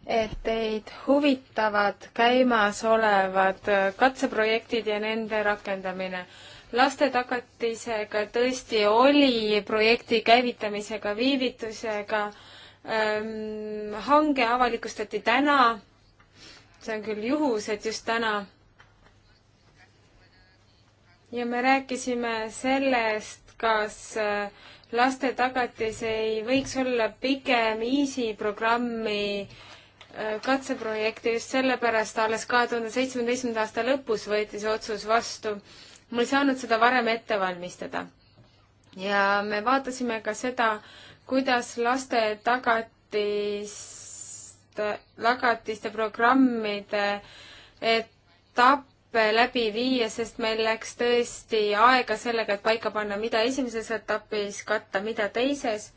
et teid huvitavad käimasolevad katseprojektid ja nende rakendamine. lastetagatisega tõesti oli projekti käivitamisega viivitusega ähm,. hange avalikustati täna. see on küll juhus, et just täna. ja me rääkisime sellest, kas äh, lastetagatise ei võiks olla pigem EASY programmi äh, katseprojektist, sellepärast alles kahe tuhande seitsmeteistkümnenda aasta lõpus võeti see otsus vastu. ma ei saanud seda varem ette valmistada. ja me vaatasime ka seda, kuidas laste tagatist, tagatiste programmide etappe läbi viia, sest meil läks tõesti aega sellega, et paika panna, mida esimeses etapis katta, mida teises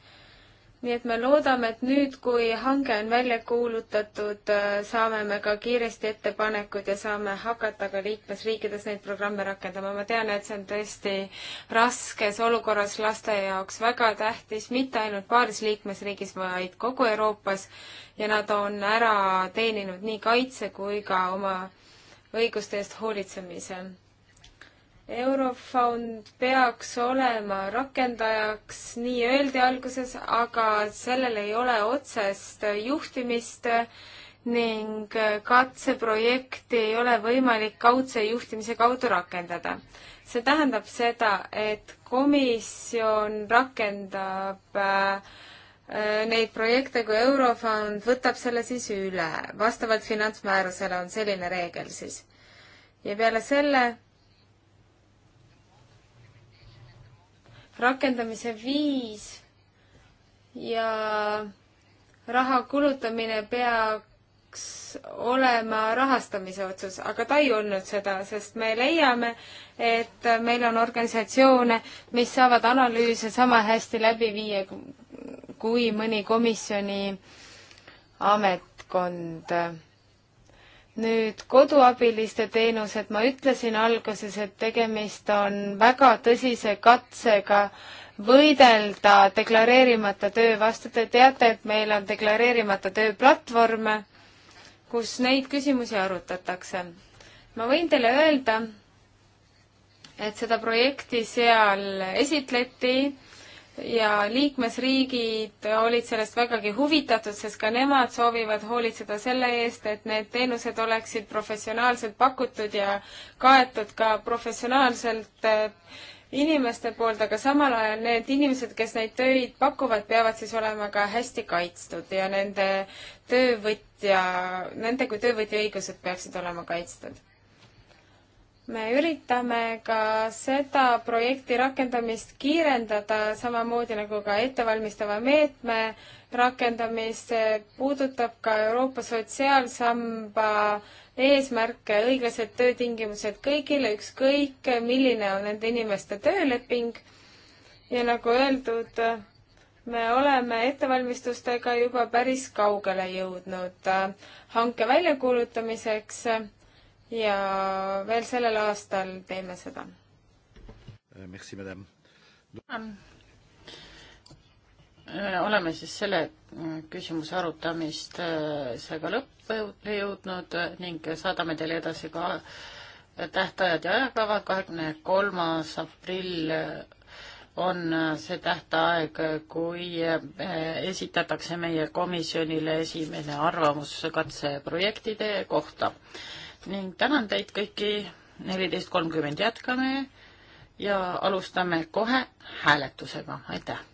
nii et me loodame, et nüüd, kui hange on välja kuulutatud, äh, saame me ka kiiresti ettepanekud ja saame hakata ka liikmesriikides neid programme rakendama. ma tean, et see on tõesti raskes olukorras laste jaoks väga tähtis, mitte ainult paaris liikmesriigis, vaid kogu Euroopas ja nad on ära teeninud nii kaitse kui ka oma õiguste eest hoolitsemise Eurofond peaks olema rakendajaks, nii öeldi alguses, aga sellel ei ole otsest juhtimist ning katseprojekti ei ole võimalik kaudse juhtimise kaudu rakendada. see tähendab seda, et komisjon rakendab äh, neid projekte, kui Eurofond võtab selle siis üle. vastavalt finantsmäärusele on selline reegel siis. ja peale selle rakendamise viis ja raha kulutamine peaks olema rahastamise otsus, aga ta ei olnud seda, sest me leiame, et meil on organisatsioone, mis saavad analüüse sama hästi läbi viia kui mõni komisjoni ametkond nüüd koduabiliste teenused, ma ütlesin alguses, et tegemist on väga tõsise katsega võidelda deklareerimata töö vastu. Te teate, et meil on deklareerimata töö platvorme, kus neid küsimusi arutatakse. ma võin teile öelda, et seda projekti seal esitleti ja liikmesriigid olid sellest vägagi huvitatud, sest ka nemad soovivad hoolitseda selle eest, et need teenused oleksid professionaalselt pakutud ja kaetud ka professionaalselt eh, inimeste poolt, aga samal ajal need inimesed, kes neid töid pakuvad, peavad siis olema ka hästi kaitstud ja nende töövõtja, nende kui töövõtja õigused peaksid olema kaitstud me üritame ka seda projekti rakendamist kiirendada, samamoodi nagu ka ettevalmistava meetme rakendamist, puudutab ka Euroopa Sotsiaalsamba eesmärke, õiglased töötingimused kõigile, ükskõik milline on nende inimeste tööleping. ja nagu öeldud, me oleme ettevalmistustega juba päris kaugele jõudnud hanke väljakuulutamiseks ja veel sellel aastal teeme seda. Euh, merci, madame. Äh, oleme siis selle äh, küsimuse arutamist äh, seega lõppu jõudnud ning saadame teile edasi ka tähtajad ja ajakavad. kahekümne kolmas aprill on see tähtaeg, kui esitatakse meie komisjonile esimene arvamus katseprojektide kohta ning tänan teid kõiki, neliteist kolmkümmend jätkame ja alustame kohe hääletusega, aitäh!